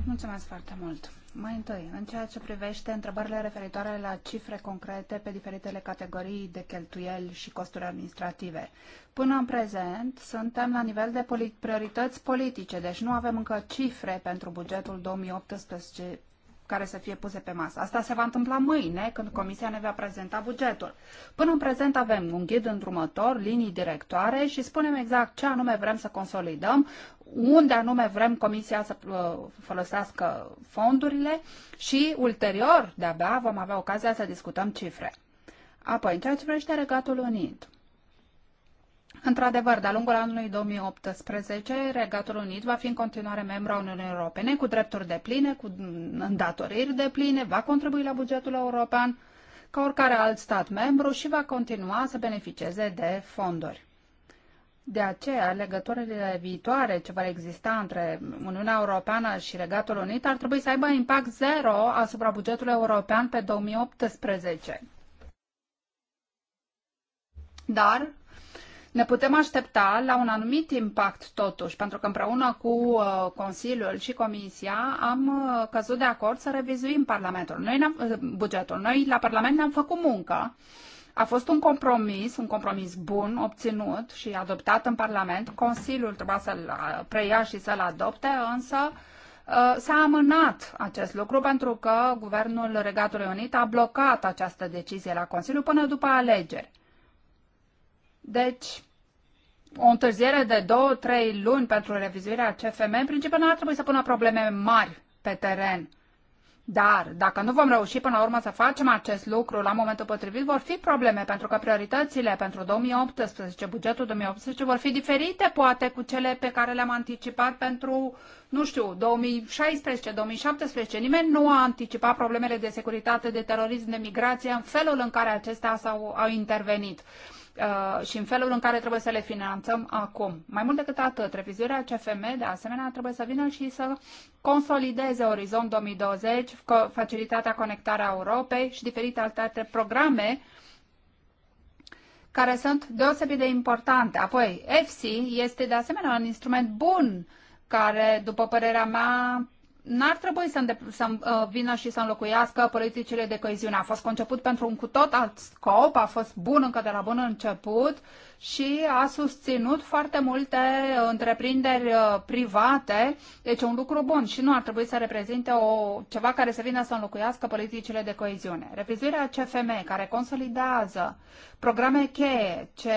Mulțumesc foarte mult. Mai întâi, în ceea ce privește întrebările referitoare la cifre concrete pe diferitele categorii de cheltuieli și costuri administrative. Până în prezent, suntem la nivel de priorități politice, deci nu avem încă cifre pentru bugetul 2018 care să fie puse pe masă. Asta se va întâmpla mâine, când Comisia ne va prezenta bugetul. Până în prezent avem un ghid îndrumător, linii directoare și spunem exact ce anume vrem să consolidăm, unde anume vrem Comisia să uh, folosească fondurile și ulterior, de-abia, vom avea ocazia să discutăm cifre. Apoi, în ceea ce privește Regatul Unit, Într-adevăr, de-a lungul anului 2018, Regatul Unit va fi în continuare membru a Uniunii Europene, cu drepturi de pline, cu îndatoriri de pline, va contribui la bugetul european ca oricare alt stat membru și va continua să beneficieze de fonduri. De aceea, legăturile viitoare ce vor exista între Uniunea Europeană și Regatul Unit ar trebui să aibă impact zero asupra bugetului european pe 2018. Dar ne putem aștepta la un anumit impact totuși, pentru că împreună cu uh, Consiliul și Comisia am uh, căzut de acord să revizuim Parlamentul. Noi uh, bugetul. Noi la Parlament ne-am făcut muncă. A fost un compromis, un compromis bun, obținut și adoptat în Parlament. Consiliul trebuia să-l preia și să-l adopte, însă S-a amânat acest lucru pentru că Guvernul Regatului Unit a blocat această decizie la Consiliu până după alegeri. Deci, o întârziere de două, trei luni pentru revizuirea CFM, în principiu nu ar trebui să pună probleme mari pe teren. Dar dacă nu vom reuși până la urmă să facem acest lucru la momentul potrivit, vor fi probleme, pentru că prioritățile pentru 2018, bugetul 2018, vor fi diferite, poate, cu cele pe care le-am anticipat pentru, nu știu, 2016-2017. Nimeni nu a anticipat problemele de securitate, de terorism, de migrație, în felul în care acestea s-au, au intervenit. Uh, și în felul în care trebuie să le finanțăm acum. Mai mult decât atât, revizuirea CFM, de asemenea, trebuie să vină și să consolideze Orizont 2020, Facilitatea Conectarea Europei și diferite alte programe care sunt deosebit de importante. Apoi, EFSI este de asemenea un instrument bun care, după părerea mea, n-ar trebui să, să uh, vină și să înlocuiască politicile de coeziune. A fost conceput pentru un cu tot alt scop, a fost bun încă de la bun început și a susținut foarte multe întreprinderi uh, private, deci un lucru bun și nu ar trebui să reprezinte o, ceva care să vină să înlocuiască politicile de coeziune. Revizuirea CFM, care consolidează programe cheie ce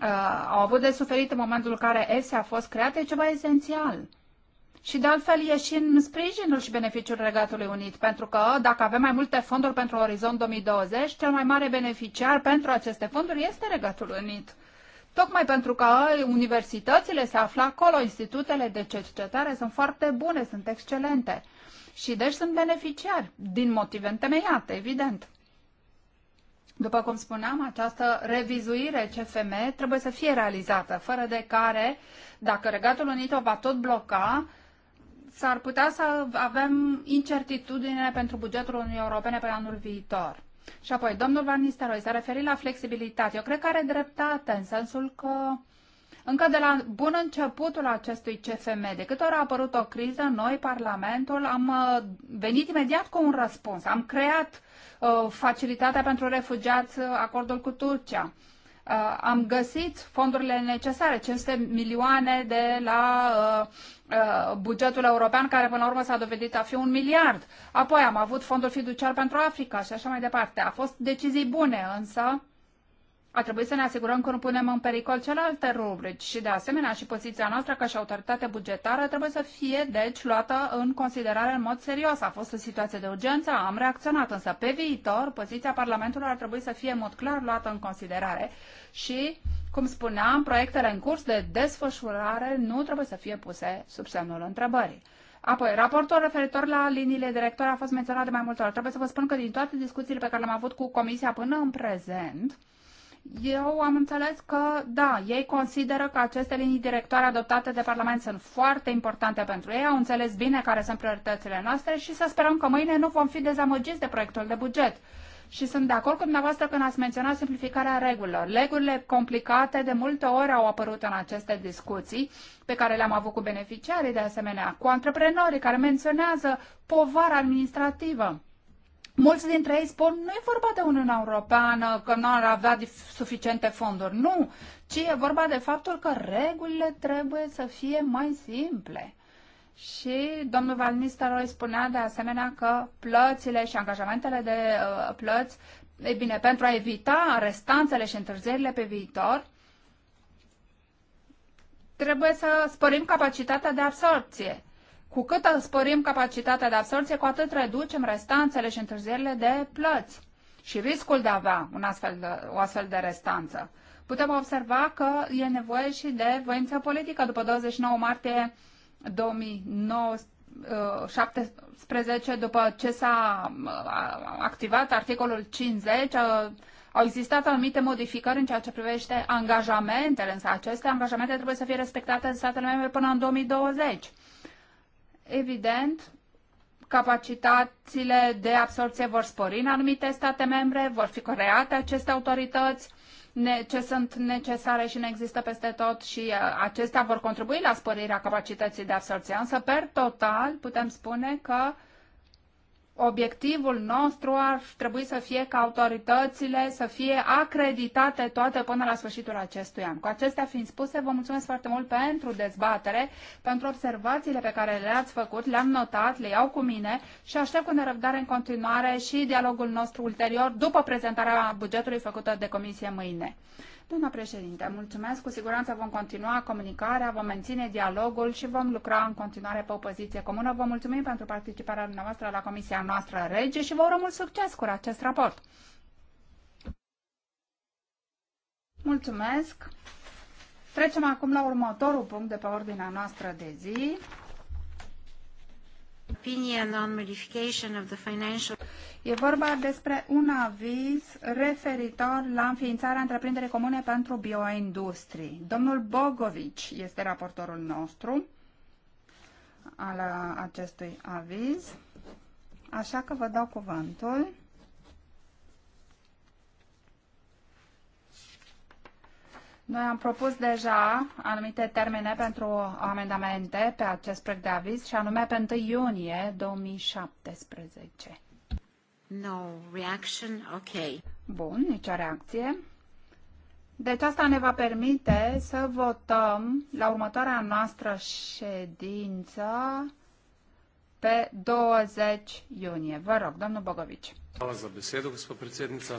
uh, au avut de suferit în momentul în care ESE a fost creată e ceva esențial. Și de altfel e și în sprijinul și beneficiul Regatului Unit, pentru că dacă avem mai multe fonduri pentru Orizont 2020, cel mai mare beneficiar pentru aceste fonduri este Regatul Unit. Tocmai pentru că universitățile se află acolo, institutele de cercetare sunt foarte bune, sunt excelente. Și deci sunt beneficiari, din motive întemeiate, evident. După cum spuneam, această revizuire CFM trebuie să fie realizată, fără de care, dacă Regatul Unit o va tot bloca, s-ar putea să avem incertitudine pentru bugetul Uniunii Europene pe anul viitor. Și apoi, domnul Van Nistelrooy s-a referit la flexibilitate. Eu cred că are dreptate în sensul că încă de la bun începutul acestui CFM, de câte ori a apărut o criză, noi, Parlamentul, am uh, venit imediat cu un răspuns. Am creat uh, facilitatea pentru refugiați, uh, acordul cu Turcia. Uh, am găsit fondurile necesare, 500 milioane de la uh, Uh, bugetul european, care până la urmă s-a dovedit a fi un miliard. Apoi am avut fondul fiduciar pentru Africa și așa mai departe. A fost decizii bune, însă a trebuit să ne asigurăm că nu punem în pericol celelalte rubrici și, de asemenea, și poziția noastră ca și autoritate bugetară trebuie să fie, deci, luată în considerare în mod serios. A fost o situație de urgență, am reacționat, însă pe viitor poziția Parlamentului ar trebui să fie în mod clar luată în considerare și, cum spuneam, proiectele în curs de desfășurare nu trebuie să fie puse sub semnul întrebării. Apoi, raportul referitor la liniile directoare a fost menționat de mai multe ori. Trebuie să vă spun că din toate discuțiile pe care le-am avut cu Comisia până în prezent, eu am înțeles că, da, ei consideră că aceste linii directoare adoptate de Parlament sunt foarte importante pentru ei, au înțeles bine care sunt prioritățile noastre și să sperăm că mâine nu vom fi dezamăgiți de proiectul de buget. Și sunt de acord cu dumneavoastră când ați menționat simplificarea regulilor. Legurile complicate de multe ori au apărut în aceste discuții pe care le-am avut cu beneficiarii, de asemenea, cu antreprenorii care menționează povara administrativă. Mulți dintre ei spun, nu e vorba de Uniunea Europeană, că nu ar avea suficiente fonduri. Nu, ci e vorba de faptul că regulile trebuie să fie mai simple. Și domnul Van Nistelrooy spunea de asemenea că plățile și angajamentele de uh, plăți, e bine, pentru a evita restanțele și întârzierile pe viitor, trebuie să sporim capacitatea de absorpție. Cu cât sporim capacitatea de absorție, cu atât reducem restanțele și întârzierile de plăți și riscul de a avea un astfel de, o astfel de restanță. Putem observa că e nevoie și de voință politică. După 29 martie 2017, după ce s-a activat articolul 50, au existat anumite modificări în ceea ce privește angajamentele, însă aceste angajamente trebuie să fie respectate în statele membre până în 2020 evident, capacitățile de absorție vor spori în anumite state membre, vor fi create aceste autorități ne, ce sunt necesare și nu există peste tot și uh, acestea vor contribui la sporirea capacității de absorție. Însă, per total, putem spune că Obiectivul nostru ar trebui să fie ca autoritățile să fie acreditate toate până la sfârșitul acestui an. Cu acestea fiind spuse, vă mulțumesc foarte mult pentru dezbatere, pentru observațiile pe care le-ați făcut, le-am notat, le iau cu mine și aștept cu nerăbdare în continuare și dialogul nostru ulterior după prezentarea bugetului făcută de comisie mâine. Doamna președinte, mulțumesc. Cu siguranță vom continua comunicarea, vom menține dialogul și vom lucra în continuare pe o poziție comună. Vă mulțumim pentru participarea dumneavoastră la comisia noastră rege și vă urăm mult succes cu acest raport. Mulțumesc. Trecem acum la următorul punct de pe ordinea noastră de zi. E vorba despre un aviz referitor la înființarea întreprinderii comune pentru bioindustrie. Domnul Bogovici este raportorul nostru al acestui aviz, așa că vă dau cuvântul. Noi am propus deja anumite termene pentru amendamente pe acest proiect de aviz și anume pe 1 iunie 2017. No reaction, ok. Bun, nicio reacție. Deci asta ne va permite să votăm la următoarea noastră ședință pe 20 iunie. Vă rog, domnul Bogovici. Mulțumesc, domnul președinte.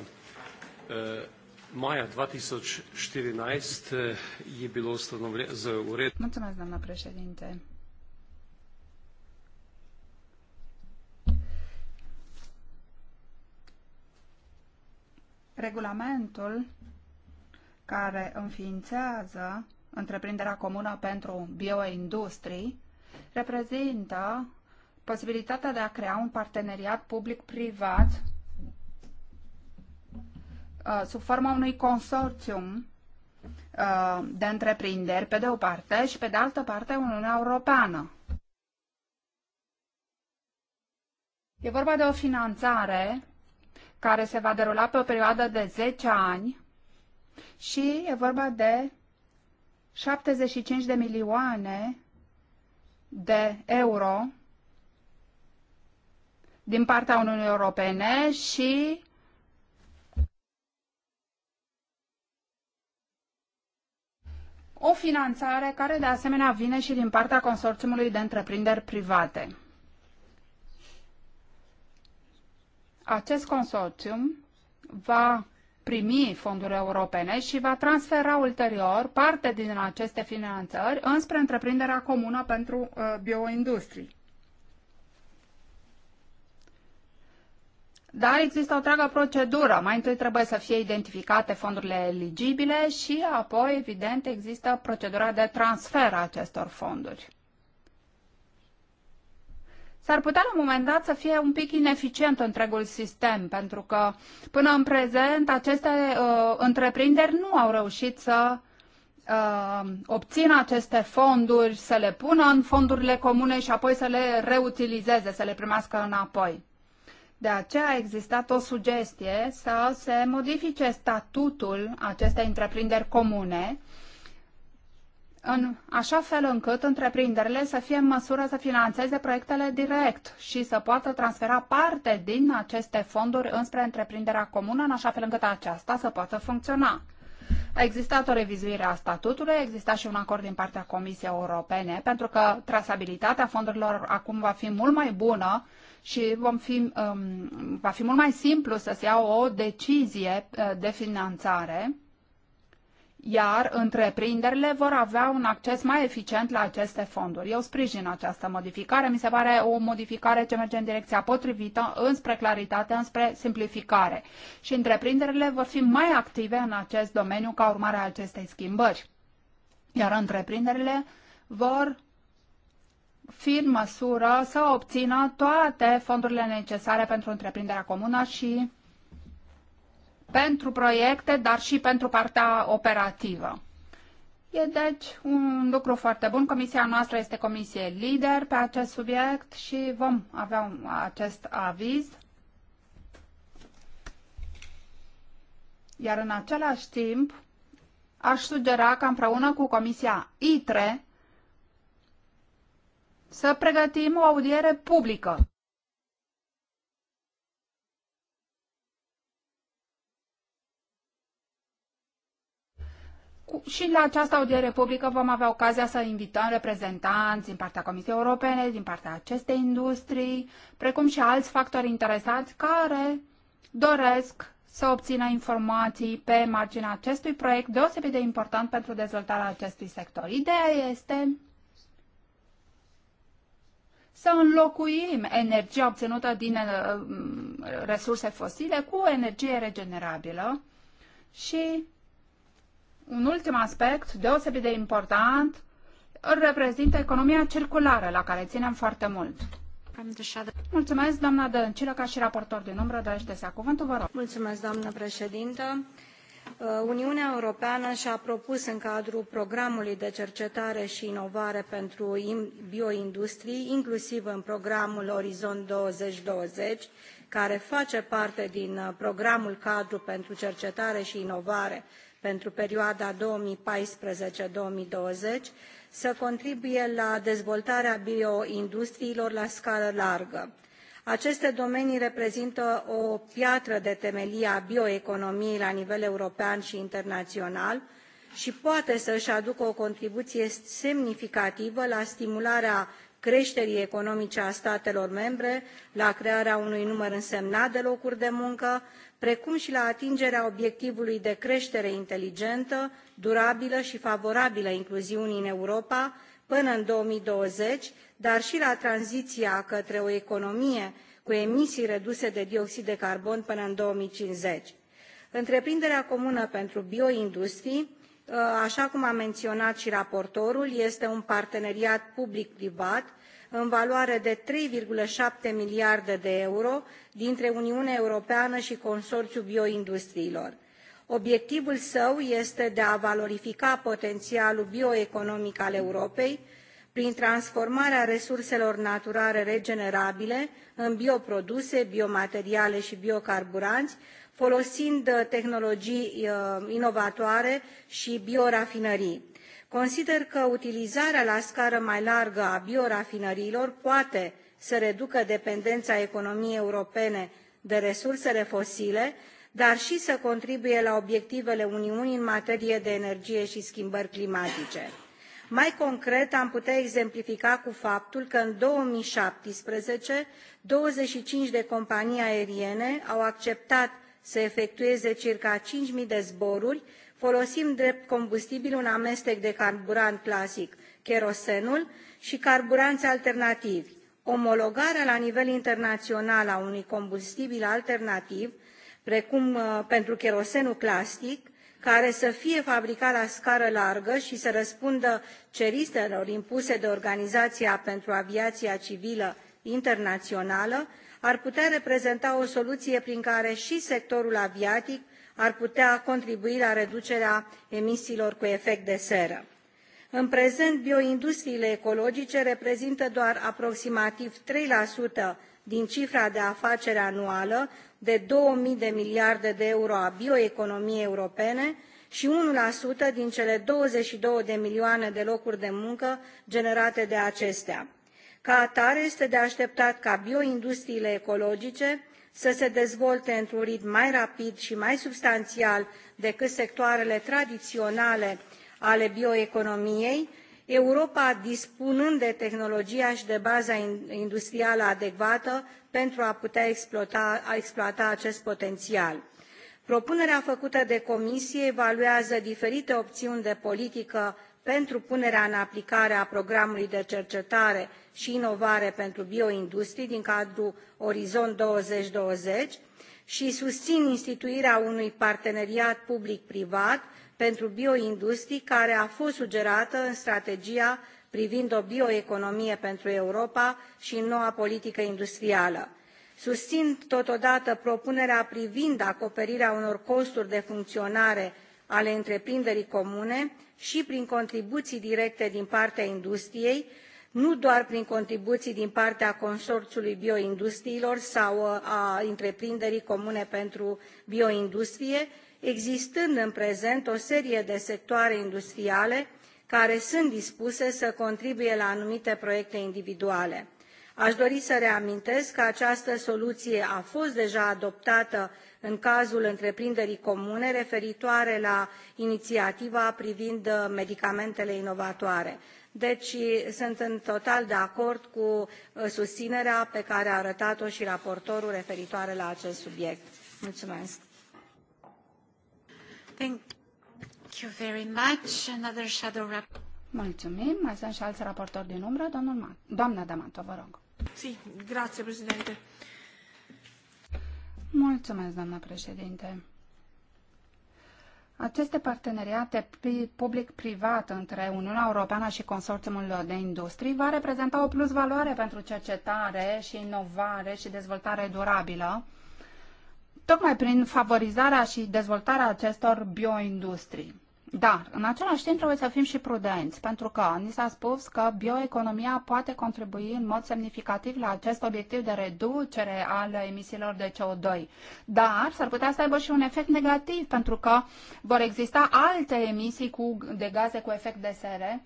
Maja 2014 eh, je bilo ustanovljeno z ured. Mulțumesc, doamna președinte. Regulamentul care înființează întreprinderea comună pentru bioindustrii reprezintă posibilitatea de a crea un parteneriat public-privat Uh, sub forma unui consorțium uh, de întreprinderi, pe de o parte, și pe de altă parte Uniunea Europeană. E vorba de o finanțare care se va derula pe o perioadă de 10 ani și e vorba de 75 de milioane de euro din partea Uniunii Europene și o finanțare care de asemenea vine și din partea consorțiumului de întreprinderi private. Acest consorțium va primi fonduri europene și va transfera ulterior parte din aceste finanțări înspre întreprinderea comună pentru uh, bioindustrie. Dar există o întreagă procedură. Mai întâi trebuie să fie identificate fondurile eligibile și apoi, evident, există procedura de transfer a acestor fonduri. S-ar putea la un moment dat să fie un pic ineficient întregul sistem, pentru că până în prezent aceste uh, întreprinderi nu au reușit să uh, obțină aceste fonduri, să le pună în fondurile comune și apoi să le reutilizeze, să le primească înapoi. De aceea a existat o sugestie să se modifice statutul acestei întreprinderi comune în așa fel încât întreprinderile să fie în măsură să financeze proiectele direct și să poată transfera parte din aceste fonduri înspre întreprinderea comună, în așa fel încât aceasta să poată funcționa. A existat o revizuire a statutului, a existat și un acord din partea Comisiei Europene, pentru că trasabilitatea fondurilor acum va fi mult mai bună și vom fi, um, va fi mult mai simplu să se ia o decizie uh, de finanțare, iar întreprinderile vor avea un acces mai eficient la aceste fonduri. Eu sprijin această modificare, mi se pare o modificare ce merge în direcția potrivită, înspre claritate, înspre simplificare. Și întreprinderile vor fi mai active în acest domeniu ca urmare a acestei schimbări. Iar întreprinderile vor firmă măsură să obțină toate fondurile necesare pentru întreprinderea comună și pentru proiecte, dar și pentru partea operativă. E deci un lucru foarte bun. Comisia noastră este comisie lider pe acest subiect și vom avea acest aviz. Iar în același timp, aș sugera ca împreună cu Comisia ITRE să pregătim o audiere publică. Și la această audiere publică vom avea ocazia să invităm reprezentanți din partea Comisiei Europene, din partea acestei industrii, precum și alți factori interesați care doresc să obțină informații pe marginea acestui proiect deosebit de important pentru dezvoltarea acestui sector. Ideea este să înlocuim energia obținută din uh, mm, resurse fosile cu energie regenerabilă și un ultim aspect deosebit de important îl reprezintă economia circulară la care ținem foarte mult. Mulțumesc, doamna Dăncilă, ca și raportor din umbră, dorește să ia cuvântul, vă rog. Mulțumesc, doamnă președintă. Uh, Uniunea Europeană și-a propus în cadrul programului de cercetare și inovare pentru bioindustrii, inclusiv în programul Orizont 2020, care face parte din uh, programul cadru pentru cercetare și inovare pentru perioada mii 2020 să contribuie la dezvoltarea bioindustriilor la scară largă aceste domenii reprezintă o piatră de temelie a bioeconomiei la nivel european și internațional și poate să își aducă o contribuție semnificativă la stimularea creșterii economice a statelor membre la crearea unui număr însemnat de locuri de muncă precum și la atingerea obiectivului de creștere inteligentă durabilă și favorabilă incluziunii în europa până în două mii douăzeci dar și la tranziția către o economie cu emisii reduse de dioxid de carbon până în. două mii cincizeci întreprinderea comună pentru bioindustrii ă, așa cum a menționat și raportorul este un parteneriat public privat în valoare de trei șapte miliarde de euro dintre uniunea europeană și consorțiul bioindustriilor. obiectivul său este de a valorifica potențialul bioeconomic al europei prin transformarea resurselor naturale regenerabile în bioproduse, biomateriale și biocarburanți, folosind uh, tehnologii uh, inovatoare și biorafinării. Consider că utilizarea la scară mai largă a biorafinăriilor poate să reducă dependența economiei europene de resursele fosile, dar și să contribuie la obiectivele Uniunii în materie de energie și schimbări climatice. Mai concret, am putea exemplifica cu faptul că în 2017, 25 de companii aeriene au acceptat să efectueze circa 5.000 de zboruri, folosind drept combustibil un amestec de carburant clasic, cherosenul, și carburanți alternativi. Omologarea la nivel internațional a unui combustibil alternativ, precum uh, pentru cherosenul clasic, care să fie fabricat la scară largă și să răspundă cerințelor impuse de Organizația pentru Aviația Civilă Internațională ar putea reprezenta o soluție prin care și sectorul aviatic ar putea contribui la reducerea emisiilor cu efect de seră. În prezent, bioindustriile ecologice reprezintă doar aproximativ 3% din cifra de afaceri anuală de mii de miliarde de euro a bioeconomiei europene și unu din cele 22 de milioane de locuri de muncă generate de acestea. Ca atare, este de așteptat ca bioindustriile ecologice să se dezvolte într-un ritm mai rapid și mai substanțial decât sectoarele tradiționale ale bioeconomiei Europa dispunând de tehnologia și de baza industrială adecvată pentru a putea exploata, acest potențial. Propunerea făcută de Comisie evaluează diferite opțiuni de politică pentru punerea în aplicare a programului de cercetare și inovare pentru bioindustrii din cadrul Orizont 2020 și susțin instituirea unui parteneriat public-privat pentru bioindustrii care a fost sugerată în strategia privind o bioeconomie pentru europa și în noua politică industrială. susțin totodată propunerea privind acoperirea unor costuri de funcționare ale întreprinderii comune și prin contribuții directe din partea industriei nu doar prin contribuții din partea consorțiului bioindustriilor sau uh, a întreprinderii comune pentru bioindustrie existând în prezent o serie de sectoare industriale care sunt dispuse să contribuie la anumite proiecte individuale. Aș dori să reamintesc că această soluție a fost deja adoptată în cazul întreprinderii comune referitoare la inițiativa privind uh, medicamentele inovatoare. Deci sunt în total de acord cu uh, susținerea pe care a arătat-o și raportorul referitoare la acest subiect. Mulțumesc! Mulțumim. Mai sunt și alți raportori din umbră. Domnul Ma- Doamna Damato, vă rog. Si, grație, președinte. Mulțumesc, doamna președinte. Aceste parteneriate public-privat între Uniunea Europeană și Consorțiumul de Industrii va reprezenta o plusvaloare pentru cercetare și inovare și dezvoltare durabilă tocmai prin favorizarea și dezvoltarea acestor bioindustrii. Dar, în același timp, trebuie să fim și prudenți, pentru că ni s-a spus că bioeconomia poate contribui în mod semnificativ la acest obiectiv de reducere al emisiilor de CO2. Dar s-ar putea să aibă și un efect negativ, pentru că vor exista alte emisii cu, de gaze cu efect de sere,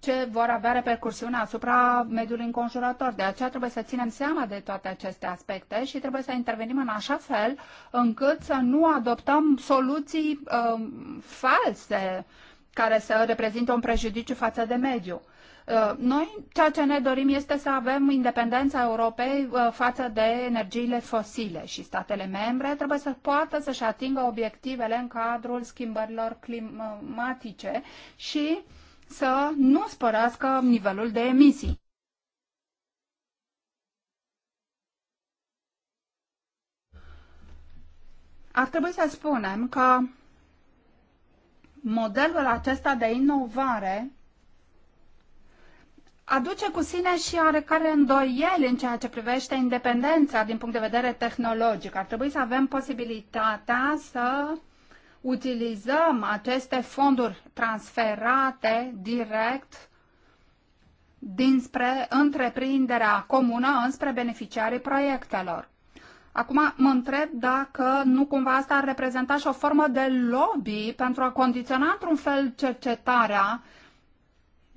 ce vor avea repercursiune asupra mediului înconjurător. De aceea trebuie să ținem seama de toate aceste aspecte și trebuie să intervenim în așa fel încât să nu adoptăm soluții uh, false care să reprezintă un prejudiciu față de mediu. Uh, noi ceea ce ne dorim este să avem independența Europei uh, față de energiile fosile și statele membre trebuie să poată să-și atingă obiectivele în cadrul schimbărilor climatice și să nu sporească nivelul de emisii. Ar trebui să spunem că modelul acesta de inovare aduce cu sine și oarecare îndoieli în ceea ce privește independența din punct de vedere tehnologic. Ar trebui să avem posibilitatea să uh, utilizăm aceste fonduri transferate direct dinspre întreprinderea comună înspre beneficiarii proiectelor. Acum mă întreb dacă nu cumva asta ar reprezenta și o formă de lobby pentru a condiționa într-un fel cercetarea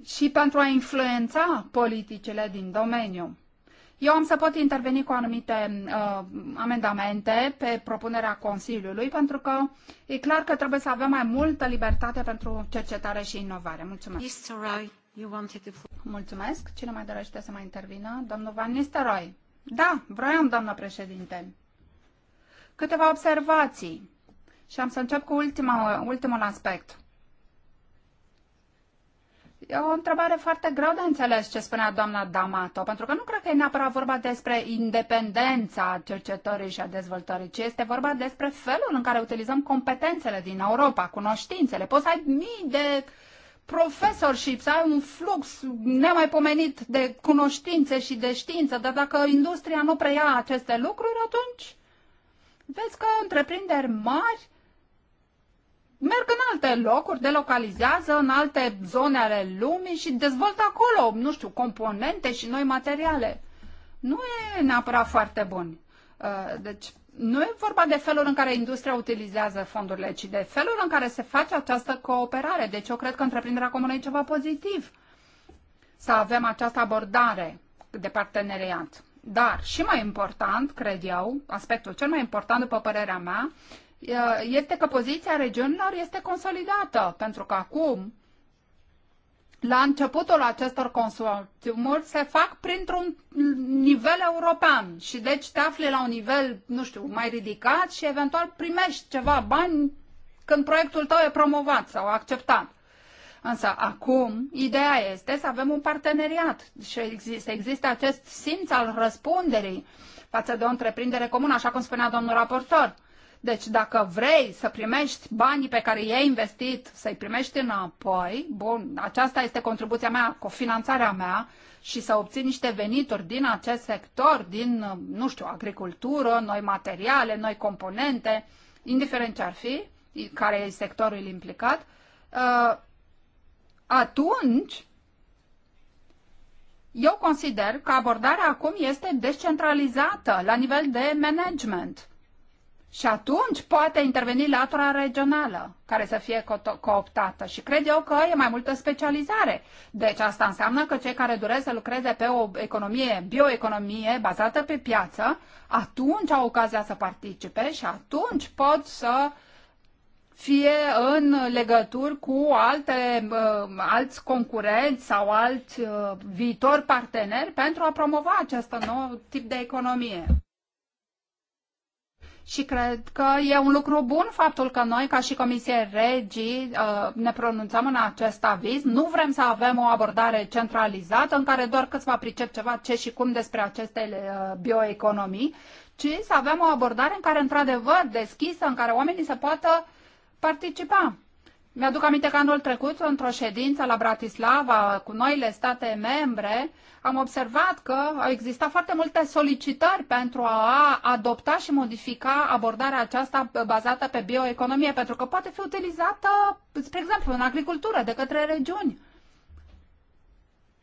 și pentru a influența politicile din domeniu. Eu am să pot interveni cu anumite uh, amendamente pe propunerea Consiliului, pentru că e clar că trebuie să avem mai multă libertate pentru cercetare și inovare. Mulțumesc. Mulțumesc. Cine mai dorește să mai intervină? Domnul Van Nistelrooy. Da, vroiam, doamnă președinte. Câteva observații. Și am să încep cu ultima, ultimul aspect. E o întrebare foarte greu de înțeles ce spunea doamna Damato, pentru că nu cred că e neapărat vorba despre independența cercetării și a dezvoltării, ci este vorba despre felul în care utilizăm competențele din Europa, cunoștințele. Poți să ai mii de profesori și să ai un flux nemaipomenit de cunoștințe și de știință, dar dacă industria nu preia aceste lucruri, atunci vezi că întreprinderi mari merg în alte locuri, delocalizează în alte zone ale lumii și dezvoltă acolo, nu știu, componente și noi materiale. Nu e neapărat foarte bun. Uh, deci, nu e vorba de felul în care industria utilizează fondurile, ci de felul în care se face această cooperare. Deci eu cred că întreprinderea comună e ceva pozitiv să avem această abordare de parteneriat. Dar și mai important, cred eu, aspectul cel mai important după părerea mea, este că poziția regiunilor este consolidată, pentru că acum, la începutul acestor consorțiumuri, se fac printr-un nivel european și deci te afli la un nivel, nu știu, mai ridicat și eventual primești ceva bani când proiectul tău e promovat sau acceptat. Însă acum ideea este să avem un parteneriat și există există acest simț al răspunderii față de o întreprindere comună, așa cum spunea domnul raportor. Deci dacă vrei să primești banii pe care i-ai investit, să-i primești înapoi, bun, aceasta este contribuția mea, cofinanțarea mea și să obții niște venituri din acest sector, din, nu știu, agricultură, noi materiale, noi componente, indiferent ce ar fi, care e sectorul implicat, uh, atunci eu consider că abordarea acum este descentralizată la nivel de management. Și atunci poate interveni latura regională care să fie co- cooptată. Și cred eu că e mai multă specializare. Deci asta înseamnă că cei care doresc să lucreze pe o economie, bioeconomie bazată pe piață, atunci au ocazia să participe și atunci pot să fie în legături cu alte, uh, alți concurenți sau alți uh, viitori parteneri pentru a promova acest nou tip de economie și cred că e un lucru bun faptul că noi, ca și Comisie Regii, uh, ne pronunțăm în acest aviz. Nu vrem să avem o abordare centralizată în care doar câțiva pricep ceva ce și cum despre aceste uh, bioeconomii, ci să avem o abordare în care, într-adevăr, deschisă, în care oamenii să poată participa. Mi-aduc aminte că anul trecut, într-o ședință la Bratislava cu noile state membre, am observat că au existat foarte multe solicitări pentru a adopta și modifica abordarea aceasta bazată pe bioeconomie, pentru că poate fi utilizată, spre exemplu, în agricultură, de către regiuni.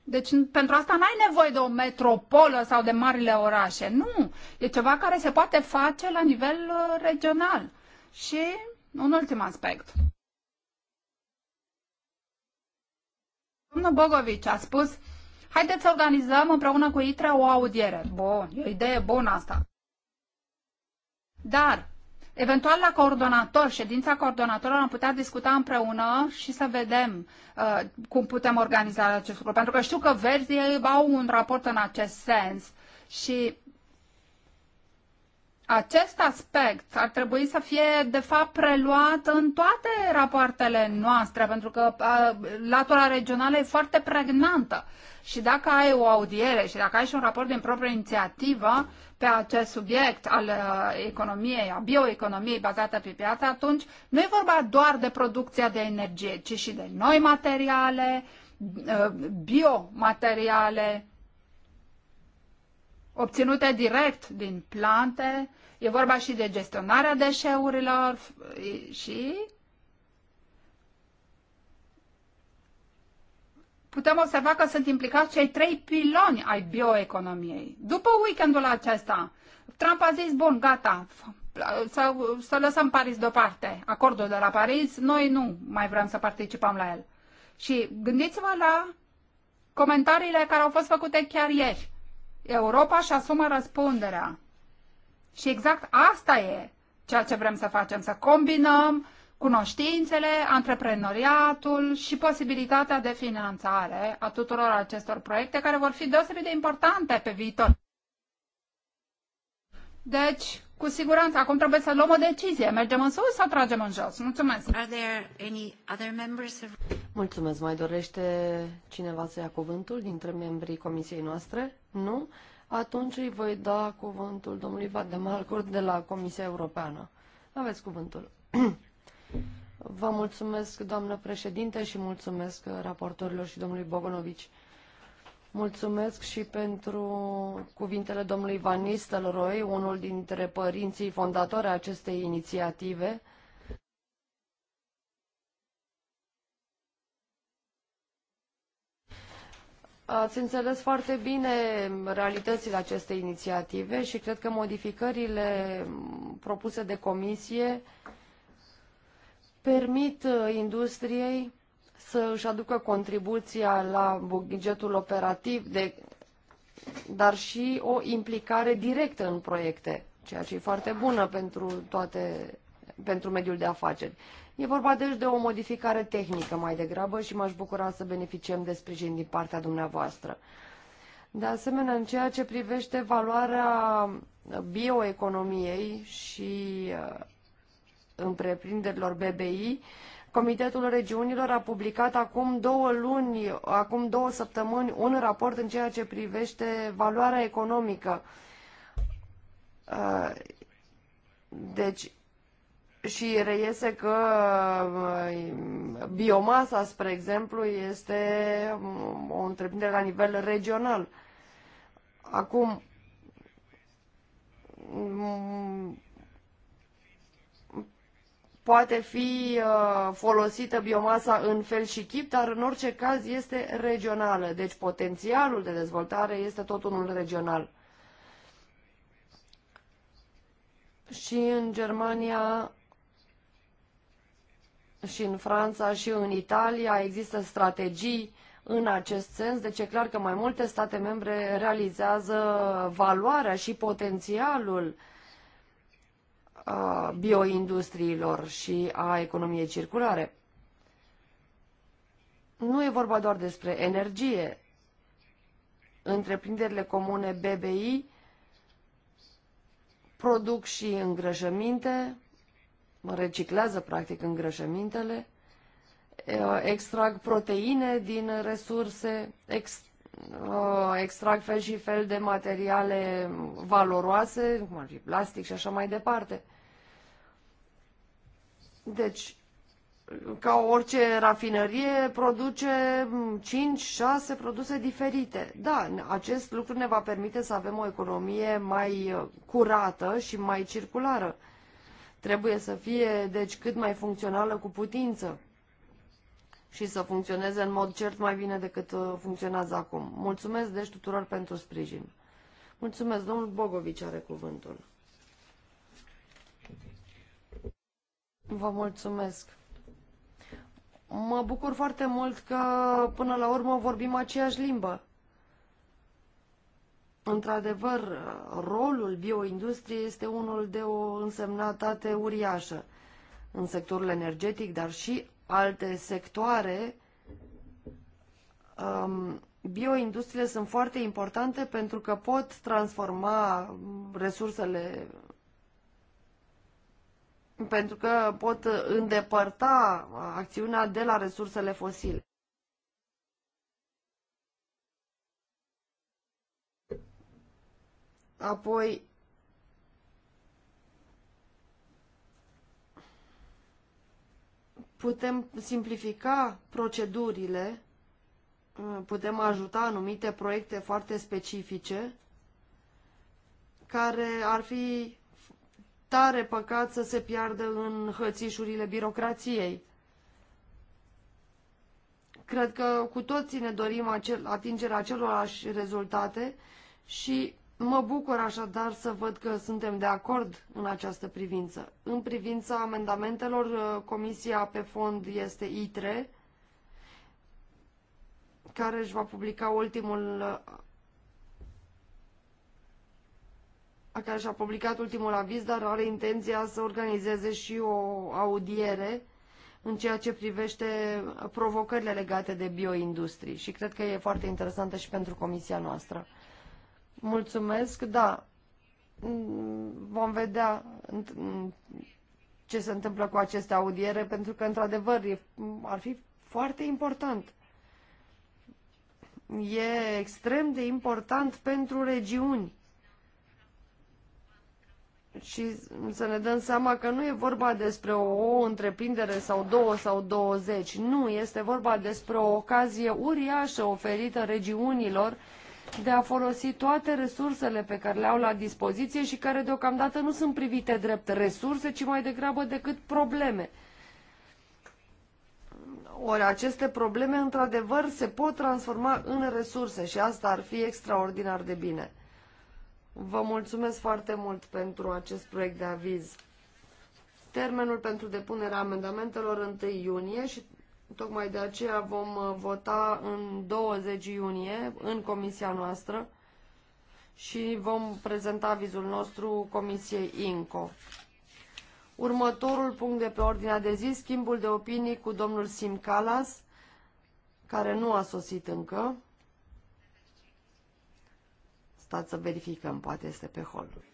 Deci pentru asta n-ai nevoie de o metropolă sau de marile orașe. Nu, e ceva care se poate face la nivel uh, regional. Și un ultim aspect. Domnul Bogovici a spus, haideți să organizăm împreună cu ITRA o audiere. Bun, e o idee bună asta. Dar, eventual la coordonator, ședința coordonatorilor am putea discuta împreună și să vedem uh, cum putem organiza acest lucru. Pentru că știu că verzii au un raport în acest sens și acest aspect ar trebui să fie, de fapt, preluat în toate rapoartele noastre, pentru că a, latura regională e foarte pregnantă. Și dacă ai o audiere și dacă ai și un raport din proprie inițiativă pe acest subiect al economiei, a bioeconomiei bazată pe piață, atunci nu e vorba doar de producția de energie, ci și de noi materiale, biomateriale, obținute direct din plante, e vorba și de gestionarea deșeurilor și putem observa că sunt implicați cei trei piloni ai bioeconomiei. După weekendul acesta, Trump a zis, bun, gata, să, să lăsăm Paris deoparte. Acordul de la Paris, noi nu mai vrem să participăm la el. Și gândiți-vă la comentariile care au fost făcute chiar ieri. Europa și asumă răspunderea. Și exact asta e ceea ce vrem să facem, să combinăm cunoștințele, antreprenoriatul și posibilitatea de finanțare a tuturor acestor proiecte care vor fi deosebit de importante pe viitor. Deci, cu siguranță, acum trebuie să luăm o decizie. Mergem în sus sau tragem în jos? Mulțumesc. Are there any other members of... Mulțumesc. Mai dorește cineva să ia cuvântul dintre membrii comisiei noastre? Nu? Atunci îi voi da cuvântul domnului Vademalcur de la Comisia Europeană. Aveți cuvântul. Vă mulțumesc, doamnă președinte, și mulțumesc raportorilor și domnului Bogonovici. Mulțumesc și pentru cuvintele domnului Van Nistelrooy, unul dintre părinții fondatori acestei inițiative, Ați înțeles foarte bine realitățile acestei inițiative și cred că modificările propuse de comisie permit uh, industriei să își aducă contribuția la bugetul operativ, de, dar și o implicare directă în proiecte, ceea ce e foarte bună pentru, toate, pentru mediul de afaceri. E vorba deci de o modificare tehnică mai degrabă și m-aș bucura să beneficiem de sprijin din partea dumneavoastră. De asemenea, în ceea ce privește valoarea bioeconomiei și uh, întreprinderilor BBI, Comitetul Regiunilor a publicat acum două luni, acum două săptămâni, un raport în ceea ce privește valoarea economică. Uh, deci, și reiese că uh, biomasa, spre exemplu, este um, o întreprindere la nivel regional. Acum, um, poate fi uh, folosită biomasa în fel și chip, dar în orice caz este regională. Deci potențialul de dezvoltare este tot unul regional. Și în Germania și în Franța și în Italia există strategii în acest sens, deci e clar că mai multe state membre realizează valoarea și potențialul bioindustriilor și a economiei circulare. Nu e vorba doar despre energie. Întreprinderile comune BBI produc și îngrășăminte, reciclează practic îngrășămintele, extrag proteine din resurse, ex, extrag fel și fel de materiale valoroase, cum ar fi plastic și așa mai departe. Deci, ca orice rafinărie, produce 5-6 produse diferite. Da, acest lucru ne va permite să avem o economie mai curată și mai circulară. Trebuie să fie, deci, cât mai funcțională cu putință și să funcționeze în mod cert mai bine decât uh, funcționează acum. Mulțumesc, deci, tuturor pentru sprijin. Mulțumesc, domnul Bogovici are cuvântul. Vă mulțumesc. Mă bucur foarte mult că până la urmă vorbim aceeași limbă. Într-adevăr, rolul bioindustriei este unul de o însemnătate uriașă în sectorul energetic, dar și alte sectoare. Um, bioindustriile sunt foarte importante pentru că pot transforma resursele pentru că pot îndepărta acțiunea de la resursele fosile. Apoi, putem simplifica procedurile, uh, putem ajuta anumite proiecte foarte specifice, care ar fi tare păcat să se piardă în hățișurile birocrației. Cred că cu toții ne dorim acel, atingerea acelorași rezultate și Mă bucur așadar să văd că suntem de acord în această privință. În privința amendamentelor, uh, Comisia pe fond este ITRE, care își va publica ultimul uh, care și-a publicat ultimul aviz, dar are intenția să organizeze și o audiere în ceea ce privește uh, provocările legate de bioindustrie și cred că e foarte interesantă și pentru comisia noastră. Mulțumesc, da. Vom vedea ce se întâmplă cu aceste audiere, pentru că, într-adevăr, ar fi foarte important. E extrem de important pentru regiuni. Și să ne dăm seama că nu e vorba despre o întreprindere sau două sau douăzeci. Nu, este vorba despre o ocazie uriașă oferită regiunilor de a folosi toate resursele pe care le au la dispoziție și care deocamdată nu sunt privite drept resurse, ci mai degrabă decât probleme. Ori aceste probleme, într-adevăr, se pot transforma în resurse și asta ar fi extraordinar de bine. Vă mulțumesc foarte mult pentru acest proiect de aviz. Termenul pentru depunerea amendamentelor 1 iunie și Tocmai de aceea vom uh, vota în 20 iunie în comisia noastră și vom prezenta vizul nostru comisiei INCO. Următorul punct de pe ordinea de zi, schimbul de opinii cu domnul Sim Calas, care nu a sosit încă. Stați să verificăm, poate este pe holuri.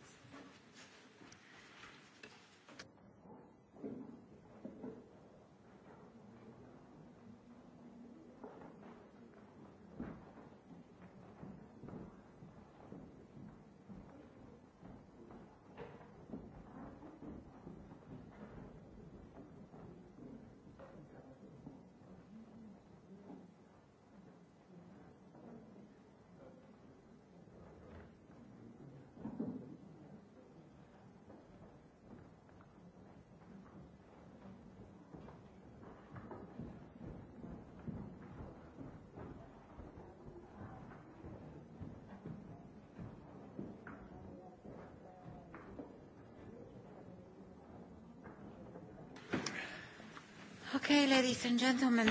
Ladies and gentlemen,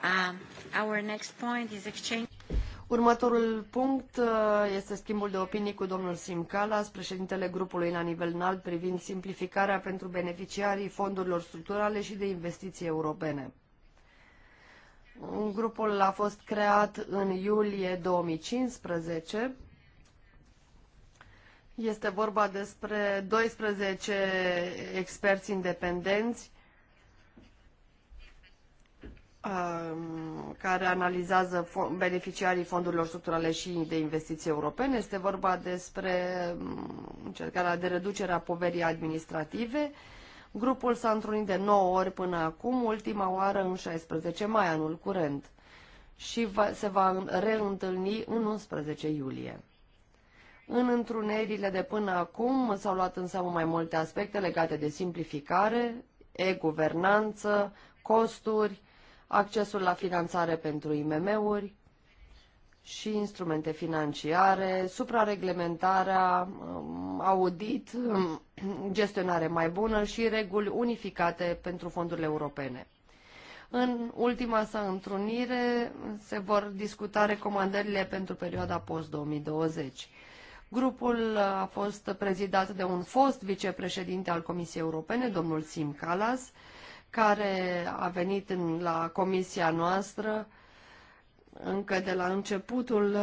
uh, our next point is exchange. Următorul punct uh, este schimbul de opinii cu domnul Sim Calas, președintele grupului la nivel înalt privind simplificarea pentru beneficiarii fondurilor structurale și de investiții europene. Grupul a fost creat în iulie 2015. Este vorba despre 12 experți independenți Um, care analizează beneficiarii fondurilor structurale și de investiții europene. Este vorba despre um, încercarea de reducere a poverii administrative. Grupul s-a întrunit de 9 ori până acum, ultima oară în 16 mai anul curent și va, se va reîntâlni în 11 iulie. În întrunerile de până acum s-au luat în seamă mai multe aspecte legate de simplificare, e-guvernanță, costuri, accesul la finanțare pentru IMM-uri și instrumente financiare, suprareglementarea, um, audit, um, gestionare mai bună și reguli unificate pentru fondurile europene. În ultima sa întrunire se vor discuta recomandările pentru perioada post-2020. Grupul a fost prezidat de un fost vicepreședinte al Comisiei Europene, domnul Sim Calas, care a venit în, la comisia noastră încă de la începutul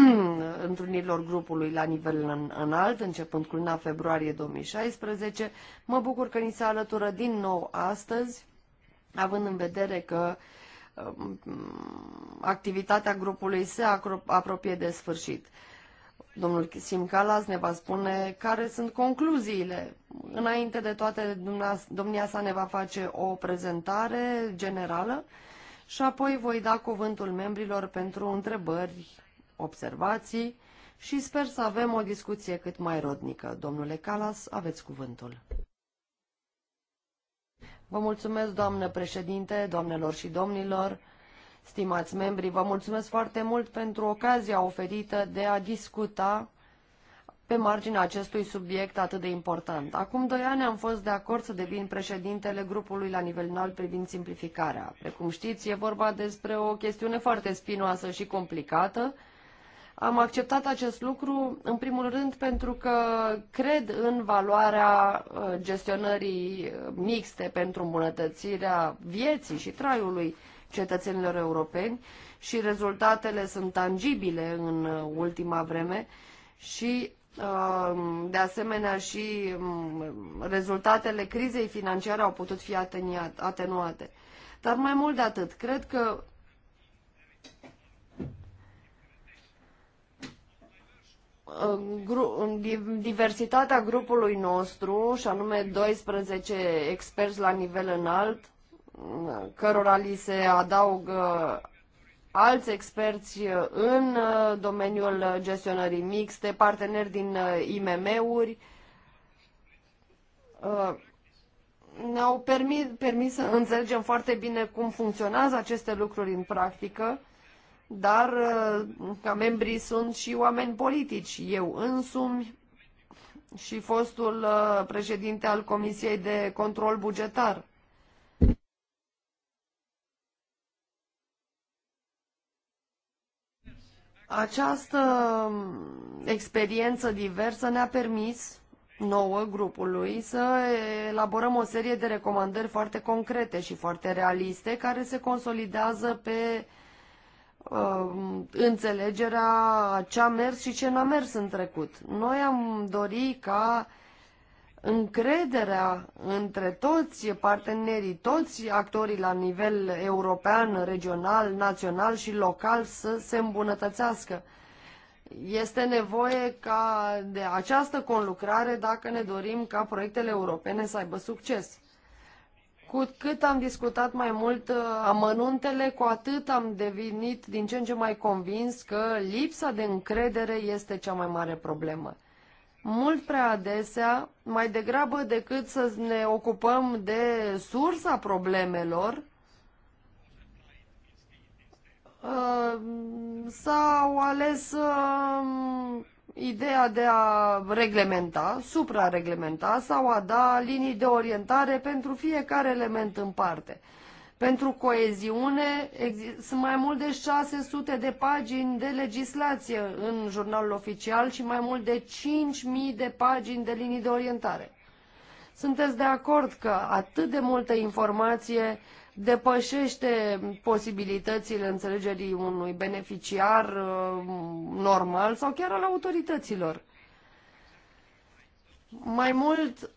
întrunirilor grupului la nivel înalt, începând cu luna februarie 2016. Mă bucur că ni se alătură din nou astăzi, având în vedere că um, activitatea grupului se apropie de sfârșit. Domnul Sim Calas ne va spune care sunt concluziile. Înainte de toate, domnia sa ne va face o prezentare generală și apoi voi da cuvântul membrilor pentru întrebări, observații și sper să avem o discuție cât mai rodnică. Domnule Calas, aveți cuvântul. Vă mulțumesc, doamnă președinte, doamnelor și domnilor. Stimați membri, vă mulțumesc foarte mult pentru ocazia oferită de a discuta pe marginea acestui subiect atât de important. Acum doi ani am fost de acord să devin președintele grupului la nivel înalt privind simplificarea. Precum știți, e vorba despre o chestiune foarte spinoasă și complicată. Am acceptat acest lucru, în primul rând, pentru că cred în valoarea uh, gestionării mixte pentru îmbunătățirea vieții și traiului cetățenilor europeni și rezultatele sunt tangibile în uh, ultima vreme și uh, de asemenea și um, rezultatele crizei financiare au putut fi atenuate. Dar mai mult de atât, cred că diversitatea grupului nostru, și anume 12 experți la nivel înalt, cărora li se adaugă alți experți în uh, domeniul gestionării mixte, parteneri din uh, IMM-uri, uh, ne-au permis, permis să înțelegem foarte bine cum funcționează aceste lucruri în practică, dar ca membrii sunt și oameni politici. Eu însumi și fostul președinte al Comisiei de Control Bugetar. Această um, experiență diversă ne-a permis nouă grupului să elaborăm o serie de recomandări foarte concrete și foarte realiste care se consolidează pe uh, înțelegerea ce a mers și ce n-a mers în trecut. Noi am dorit ca uh, încrederea între toți partenerii, toți actorii la nivel european, regional, național și local să se îmbunătățească. Este nevoie ca de această conlucrare dacă ne dorim ca proiectele europene să aibă succes. Cu cât am discutat mai mult amănuntele, cu atât am devenit din ce în ce mai convins că lipsa de încredere este cea mai mare problemă mult prea adesea, mai degrabă decât să ne ocupăm de sursa problemelor, uh, s-au ales um, ideea de a reglementa, suprareglementa sau a da linii de orientare pentru fiecare element în parte. Pentru coeziune sunt mai mult de 600 de pagini de legislație în jurnalul oficial și mai mult de 5.000 de pagini de linii de orientare. Sunteți de acord că atât de multă informație depășește posibilitățile înțelegerii unui beneficiar uh, normal sau chiar al autorităților? Mai mult,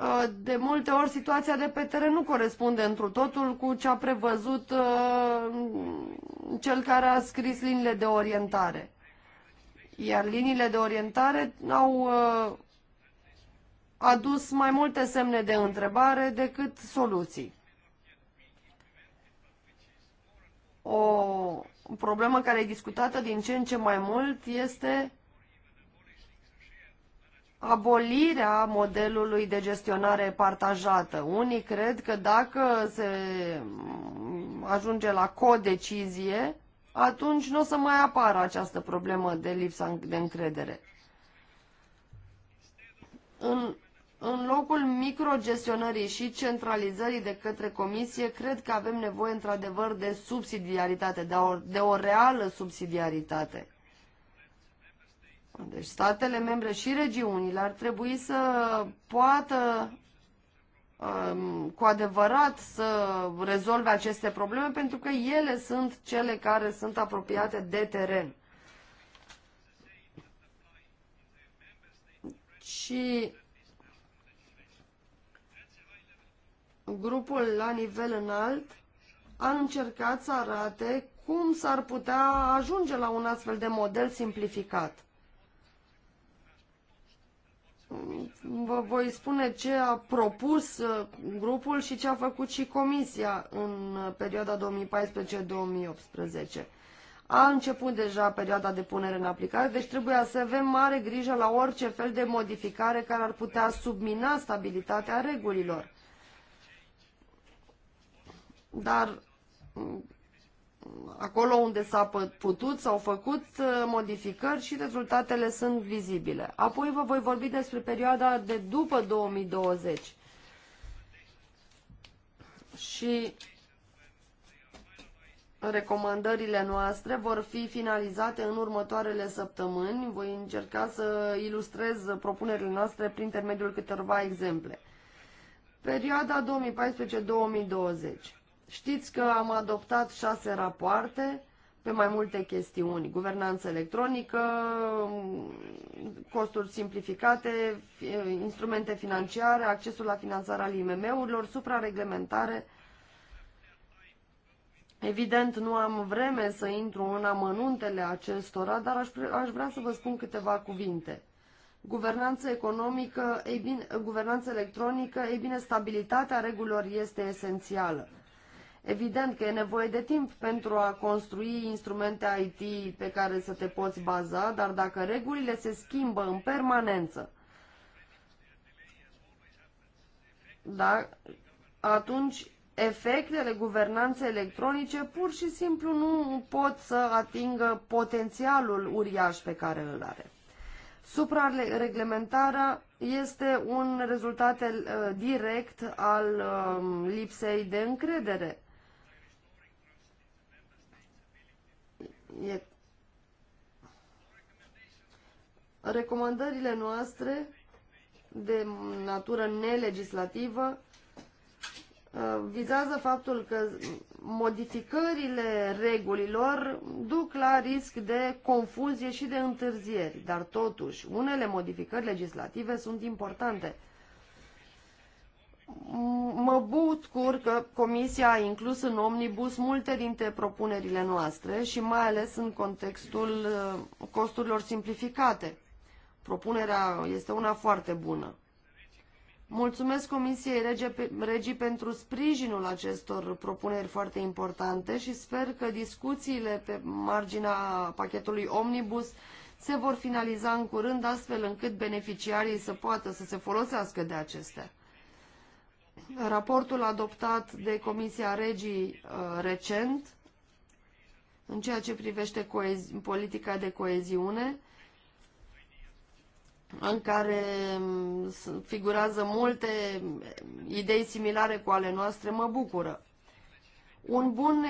Uh, de multe ori situația de pe teren nu corespunde întru totul cu ce a prevăzut uh, cel care a scris liniile de orientare. Iar liniile de orientare au uh, adus mai multe semne de întrebare decât soluții. O problemă care e discutată din ce în ce mai mult este abolirea modelului de gestionare partajată. Unii cred că dacă se ajunge la codecizie, atunci nu o să mai apară această problemă de lipsa de încredere. În, în locul microgestionării și centralizării de către comisie, cred că avem nevoie într-adevăr de subsidiaritate, de o, de o reală subsidiaritate. Deci statele membre și regiunile ar trebui să poată um, cu adevărat să rezolve aceste probleme pentru că ele sunt cele care sunt apropiate de teren. Și grupul la nivel înalt a încercat să arate cum s-ar putea ajunge la un astfel de model simplificat vă voi spune ce a propus uh, grupul și ce a făcut și comisia în uh, perioada 2014-2018. A început deja perioada de punere în aplicare, deci trebuie să avem mare grijă la orice fel de modificare care ar putea submina stabilitatea regulilor. Dar acolo unde s-a putut, s-au făcut uh, modificări și rezultatele sunt vizibile. Apoi vă voi vorbi despre perioada de după 2020. Și recomandările noastre vor fi finalizate în următoarele săptămâni. Voi încerca să ilustrez propunerile noastre prin intermediul câteva exemple. Perioada 2014-2020 Știți că am adoptat șase rapoarte pe mai multe chestiuni. Guvernanță electronică, costuri simplificate, instrumente financiare, accesul la finanțarea al IMM-urilor, suprareglementare. Evident, nu am vreme să intru în amănuntele acestora, dar aș, aș vrea să vă spun câteva cuvinte. Guvernanță economică, ei bine, guvernanță electronică, ei bine, stabilitatea regulilor este esențială Evident că e nevoie de timp pentru a construi instrumente IT pe care să te poți baza, dar dacă regulile se schimbă în permanență, da, atunci efectele guvernanței electronice pur și simplu nu pot să atingă potențialul uriaș pe care îl are. Suprareglementarea este un rezultat eh, direct al eh, lipsei de încredere E... Recomandările noastre de natură nelegislativă uh, vizează faptul că modificările regulilor duc la risc de confuzie și de întârzieri, dar totuși unele modificări legislative sunt importante mă bucur că Comisia a inclus în omnibus multe dintre propunerile noastre și mai ales în contextul uh, costurilor simplificate. Propunerea este una foarte bună. Mulțumesc Comisiei regi Regii pentru sprijinul acestor propuneri foarte importante și sper că discuțiile pe marginea pachetului Omnibus se vor finaliza în curând, astfel încât beneficiarii să poată să se folosească de acestea raportul adoptat de Comisia Regii uh, recent în ceea ce privește politica de coeziune, în care um, figurează multe idei similare cu ale noastre, mă bucură. Un bun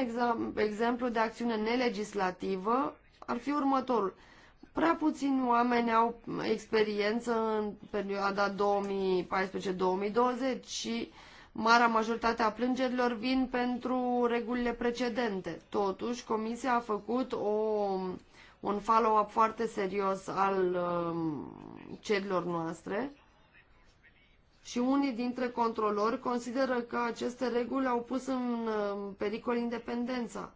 exemplu de acțiune nelegislativă ar fi următorul Prea puțini oameni au experiență în perioada 2014-2020 și marea majoritate a plângerilor vin pentru regulile precedente. Totuși, Comisia a făcut o, un follow-up foarte serios al um, cerilor noastre și unii dintre controlori consideră că aceste reguli au pus în um, pericol independența.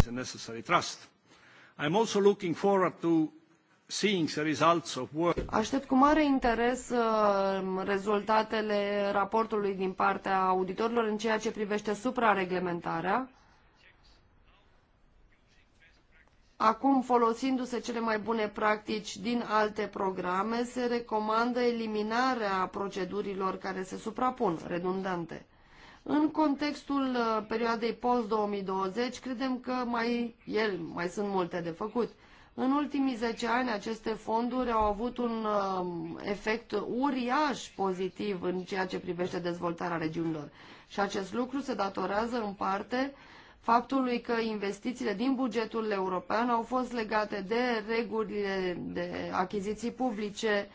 is a necessary trust. I am also looking forward to seeing the results of work. Aștept cu mare interes uh, rezultatele raportului din partea auditorilor în ceea ce privește suprareglementarea. Acum, folosindu-se cele mai bune practici din alte programe, se recomandă eliminarea procedurilor care se suprapun, redundante. În contextul uh, perioadei post-2020, credem că mai, el, mai sunt multe de făcut. În ultimii 10 ani, aceste fonduri au avut un um, efect uriaș pozitiv în ceea ce privește dezvoltarea regiunilor. Și acest lucru se datorează în parte faptului că investițiile din bugetul european au fost legate de regulile de achiziții publice,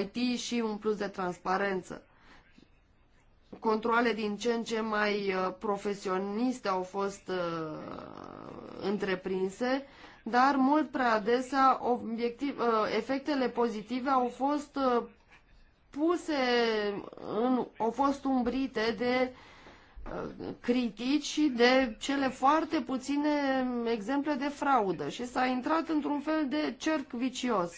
IT și un plus de transparență controle din ce în ce mai uh, profesioniste au fost uh, întreprinse, dar mult prea adesea obiectiv, uh, efectele pozitive au fost puse în, au fost umbrite de critici și de cele foarte puține exemple de fraudă și s-a intrat într-un fel de cerc vicios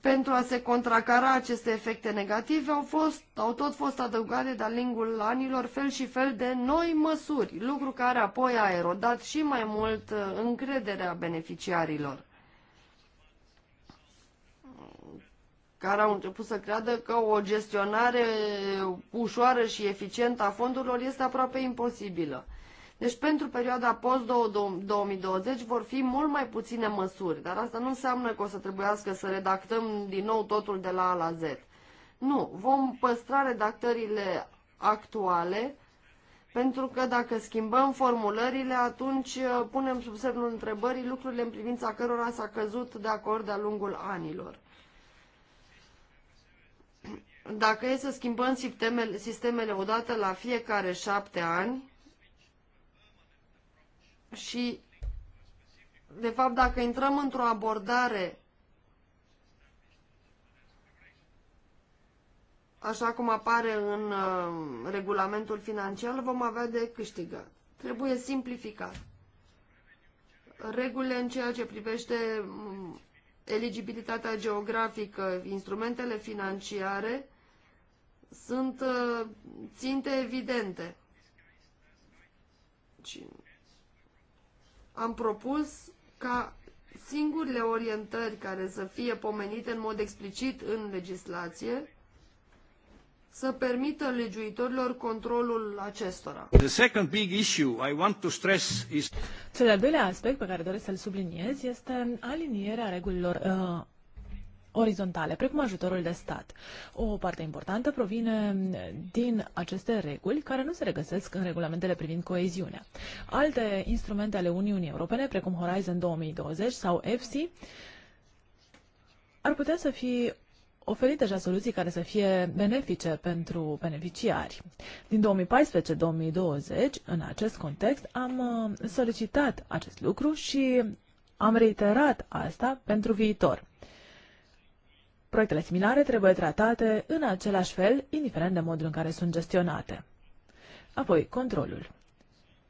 pentru a se contracara aceste efecte negative au, fost, au tot fost adăugate de-a lungul anilor fel și fel de noi măsuri, lucru care apoi a erodat și mai mult uh, încrederea beneficiarilor, care au început să creadă că o gestionare ușoară și eficientă a fondurilor este aproape imposibilă. Deci pentru perioada post-2020 vor fi mult mai puține măsuri, dar asta nu înseamnă că o să trebuiască să redactăm din nou totul de la A la Z. Nu, vom păstra redactările actuale, pentru că dacă schimbăm formulările, atunci uh, punem sub semnul întrebării lucrurile în privința cărora s-a căzut de acord de-a lungul anilor. Dacă e să schimbăm sistemele, sistemele odată la fiecare șapte ani, și, de fapt, dacă intrăm într-o abordare așa cum apare în uh, regulamentul financiar, vom avea de câștigat. Trebuie simplificat. Regulile în ceea ce privește mm, eligibilitatea geografică, instrumentele financiare, sunt uh, ținte evidente. Cine? am propus ca singurele orientări care să fie pomenite în mod explicit în legislație să permită legiuitorilor controlul acestora. The second big issue I want to stress is... Cel de-al doilea aspect pe care doresc să-l subliniez este alinierea regulilor uh, orizontale, precum ajutorul de stat. O parte importantă provine din aceste reguli care nu se regăsesc în regulamentele privind coeziunea. Alte instrumente ale Uniunii Europene, precum Horizon 2020 sau EFSI, ar putea să fie oferit deja soluții care să fie benefice pentru beneficiari. Din 2014-2020, în acest context, am uh, solicitat acest lucru și am reiterat asta pentru viitor. Proiectele similare trebuie tratate în același fel, indiferent de modul în care sunt gestionate. Apoi, controlul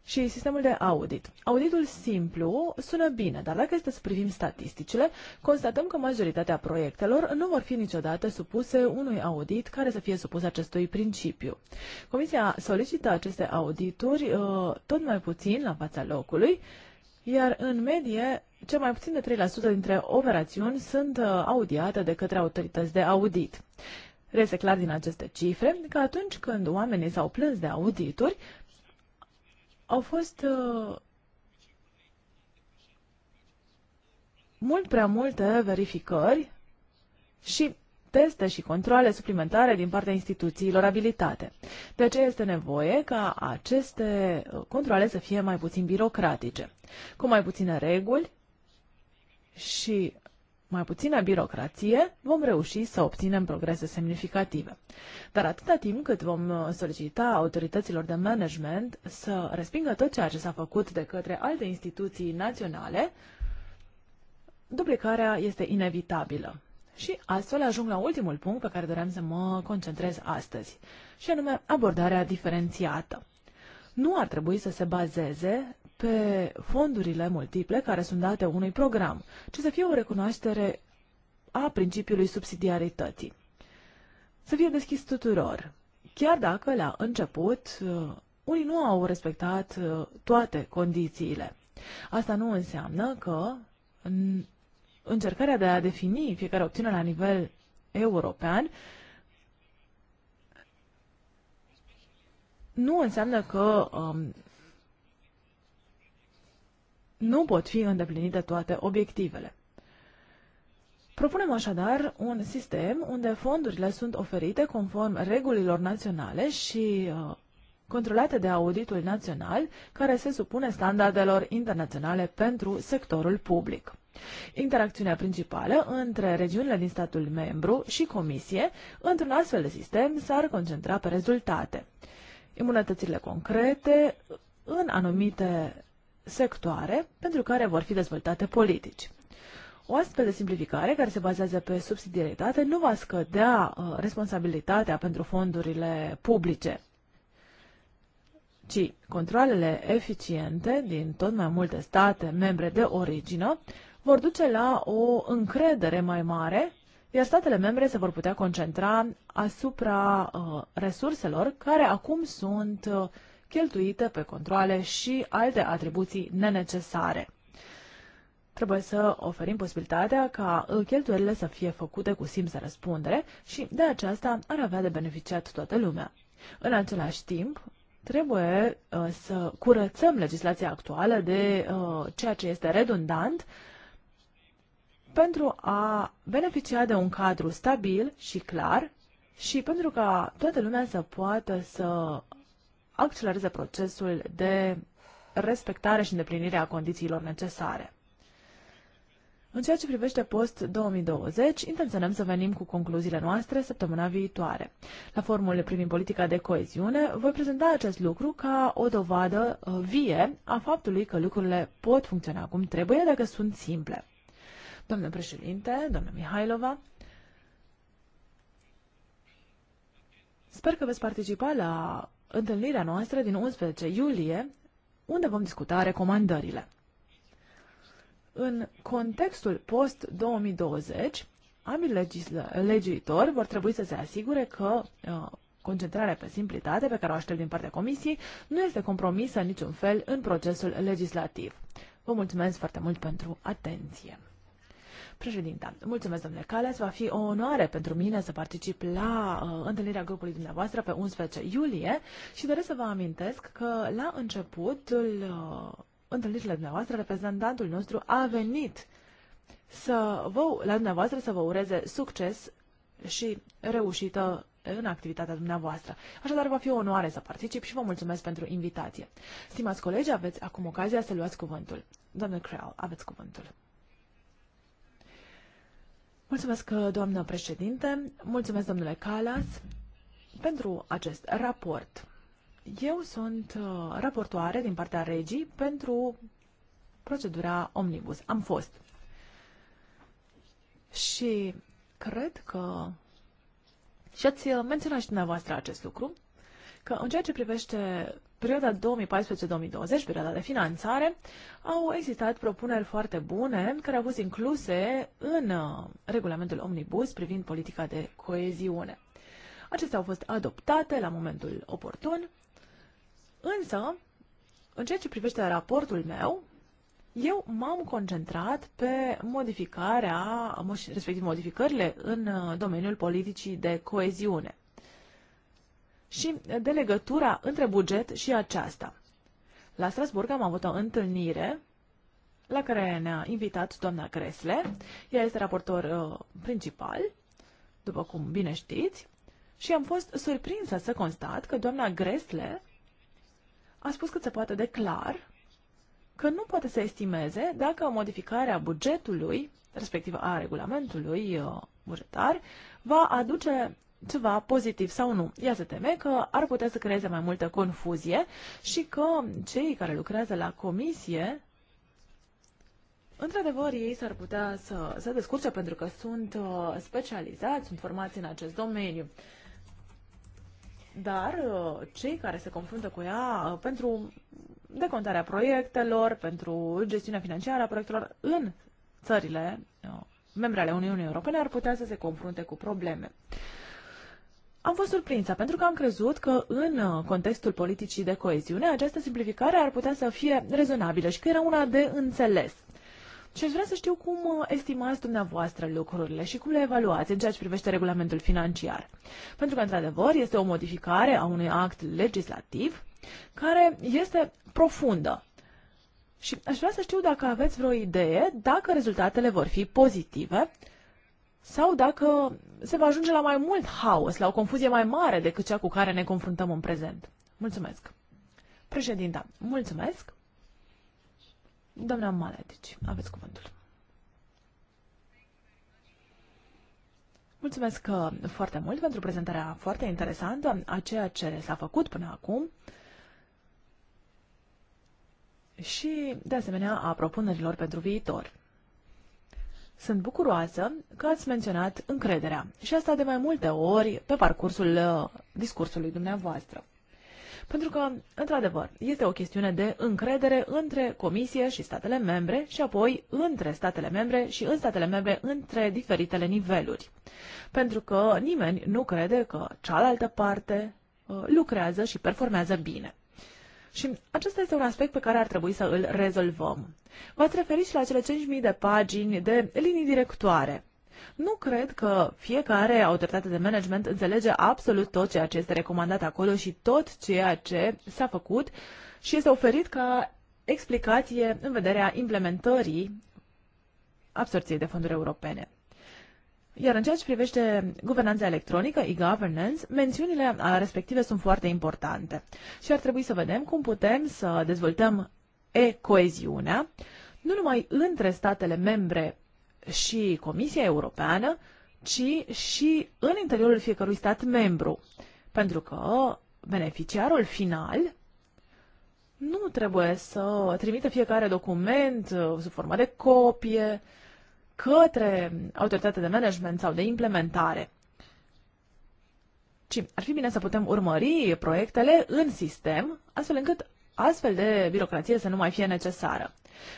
și sistemul de audit. Auditul simplu sună bine, dar dacă este să privim statisticile, constatăm că majoritatea proiectelor nu vor fi niciodată supuse unui audit care să fie supus acestui principiu. Comisia solicită aceste audituri uh, tot mai puțin la fața locului, iar în medie, cel mai puțin de 3% dintre operațiuni sunt uh, audiate de către autorități de audit. Reze clar din aceste cifre că atunci când oamenii s-au plâns de audituri, au fost uh, mult prea multe verificări și teste și controle suplimentare din partea instituțiilor abilitate. De aceea este nevoie ca aceste uh, controle să fie mai puțin birocratice, cu mai puține reguli și mai puțină birocrație, vom reuși să obținem progrese semnificative. Dar atâta timp cât vom uh, solicita autorităților de management să respingă tot ceea ce s-a făcut de către alte instituții naționale, duplicarea este inevitabilă. Și astfel ajung la ultimul punct pe care doream să mă concentrez astăzi, și anume abordarea diferențiată. Nu ar trebui să se bazeze pe fondurile multiple care sunt date unui program, ci să fie o recunoaștere a principiului subsidiarității. Să fie deschis tuturor, chiar dacă la început uh, unii nu au respectat uh, toate condițiile. Asta nu înseamnă că încercarea de a defini fiecare opțiune la nivel european nu înseamnă că um, nu pot fi îndeplinite toate obiectivele. Propunem așadar un sistem unde fondurile sunt oferite conform regulilor naționale și uh, controlate de auditul național, care se supune standardelor internaționale pentru sectorul public. Interacțiunea principală între regiunile din statul membru și comisie într-un astfel de sistem s-ar concentra pe rezultate. Imunitățile concrete în anumite sectoare pentru care vor fi dezvoltate politici. O astfel de simplificare care se bazează pe subsidiaritate nu va scădea uh, responsabilitatea pentru fondurile publice, ci controlele eficiente din tot mai multe state membre de origine vor duce la o încredere mai mare, iar statele membre se vor putea concentra asupra uh, resurselor care acum sunt uh, cheltuite pe controle și alte atribuții nenecesare. Trebuie să oferim posibilitatea ca uh, cheltuielile să fie făcute cu simț de răspundere și de aceasta ar avea de beneficiat toată lumea. În același timp, trebuie uh, să curățăm legislația actuală de uh, ceea ce este redundant, uh, pentru a beneficia de un cadru stabil și clar și pentru ca toată lumea să poată să accelereze procesul de respectare și îndeplinire a condițiilor necesare. În ceea ce privește post-2020, intenționăm să venim cu concluziile noastre săptămâna viitoare. La formule privind politica de coeziune, voi prezenta acest lucru ca o dovadă uh, vie a faptului că lucrurile pot funcționa cum trebuie dacă sunt simple. Doamnă președinte, doamnă Mihailova, sper că veți participa la întâlnirea noastră din 11 iulie, unde vom discuta recomandările. În contextul post-2020, ambii legiuitori vor trebui să se asigure că uh, concentrarea pe simplitate pe care o aștept din partea Comisiei nu este compromisă în niciun fel în procesul legislativ. Vă mulțumesc foarte mult pentru atenție. Președinta, mulțumesc, domnule Cales. Va fi o onoare pentru mine să particip la uh, întâlnirea grupului dumneavoastră pe 11 iulie și doresc să vă amintesc că la începutul uh, întâlnirile dumneavoastră, reprezentantul nostru a venit să vă, la dumneavoastră să vă ureze succes și reușită în activitatea dumneavoastră. Așadar, va fi o onoare să particip și vă mulțumesc pentru invitație. Stimați colegi, aveți acum ocazia să luați cuvântul. Doamne Creal, aveți cuvântul. Mulțumesc, doamnă președinte, mulțumesc, domnule Calas, pentru acest raport. Eu sunt uh, raportoare din partea regii pentru procedura Omnibus. Am fost. Și cred că și ați menționat și dumneavoastră acest lucru, că în ceea ce privește perioada 2014-2020, perioada de finanțare, au existat propuneri foarte bune care au fost incluse în uh, regulamentul Omnibus privind politica de coeziune. Acestea au fost adoptate la momentul oportun, însă, în ceea ce privește raportul meu, eu m-am concentrat pe modificarea, respectiv modificările în uh, domeniul politicii de coeziune și de legătura între buget și aceasta. La Strasburg am avut o întâlnire la care ne-a invitat doamna Cresle. Ea este raportor uh, principal, după cum bine știți, și am fost surprinsă să constat că doamna Gresle a spus că se poate de clar că nu poate să estimeze dacă modificarea bugetului, respectiv a regulamentului bugetar, va aduce ceva pozitiv sau nu. Ea se teme că ar putea să creeze mai multă confuzie și că cei care lucrează la comisie Într-adevăr, ei s-ar putea să să descurce pentru că sunt uh, specializați, sunt formați în acest domeniu. Dar uh, cei care se confruntă cu ea uh, pentru decontarea proiectelor, pentru gestiunea financiară a proiectelor în țările uh, membre ale Uniunii Europene ar putea să se confrunte cu probleme. Am fost surprinsă pentru că am crezut că în uh, contextul politicii de coeziune această simplificare ar putea să fie rezonabilă și că era una de înțeles. Și aș vrea să știu cum uh, estimați dumneavoastră lucrurile și cum le evaluați în ceea ce privește regulamentul financiar. Pentru că, într-adevăr, este o modificare a unui act legislativ care este profundă. Și aș vrea să știu dacă aveți vreo idee, dacă rezultatele vor fi pozitive sau dacă se va ajunge la mai mult haos, la o confuzie mai mare decât cea cu care ne confruntăm în prezent. Mulțumesc. Președinta, mulțumesc. Doamna Maledici, aveți cuvântul. Mulțumesc uh, foarte mult pentru prezentarea foarte interesantă a ceea ce s-a făcut până acum și, de asemenea, a propunerilor pentru viitor. Sunt bucuroasă că ați menționat încrederea și asta de mai multe ori pe parcursul uh, discursului dumneavoastră. Pentru că, într-adevăr, este o chestiune de încredere între Comisie și statele membre și apoi între statele membre și în statele membre între diferitele niveluri. Pentru că nimeni nu crede că cealaltă parte uh, lucrează și performează bine. Și acesta este un aspect pe care ar trebui să îl rezolvăm. V-ați referit și la cele 5.000 de pagini de linii directoare. Nu cred că fiecare autoritate de management înțelege absolut tot ceea ce este recomandat acolo și tot ceea ce s-a făcut și este oferit ca explicație în vederea implementării absorției de fonduri europene. Iar în ceea ce privește guvernanța electronică, e-governance, mențiunile respective sunt foarte importante și ar trebui să vedem cum putem să dezvoltăm e-coeziunea, nu numai între statele membre și Comisia Europeană, ci și în interiorul fiecărui stat membru. Pentru că beneficiarul final nu trebuie să trimită fiecare document uh, sub formă de copie, către autoritatea de management sau de implementare. Ci ar fi bine să putem urmări proiectele în sistem, astfel încât astfel de birocrație să nu mai fie necesară.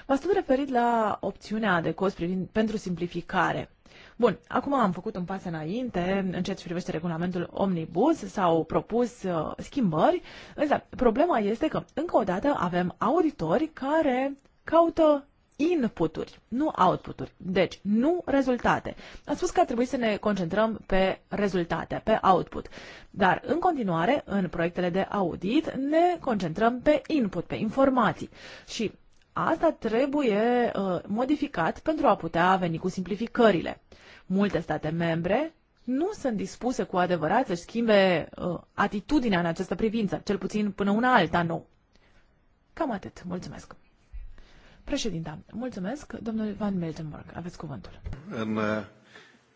V-ați tot referit la opțiunea de cost privind, pentru simplificare. Bun, acum am făcut un pas înainte în ceea ce privește regulamentul Omnibus, s-au propus uh, schimbări, însă problema este că încă o dată avem auditori care caută inputuri, nu outputuri. Deci, nu rezultate. Am spus că ar trebui să ne concentrăm pe rezultate, pe output. Dar, în continuare, în proiectele de audit, ne concentrăm pe input, pe informații. Și asta trebuie uh, modificat pentru a putea veni cu simplificările. Multe state membre nu sunt dispuse cu adevărat să-și schimbe uh, atitudinea în această privință, cel puțin până una alta nu. Cam atât. Mulțumesc! Președinta, mulțumesc. Domnul Van Miltenburg, aveți cuvântul. And, uh...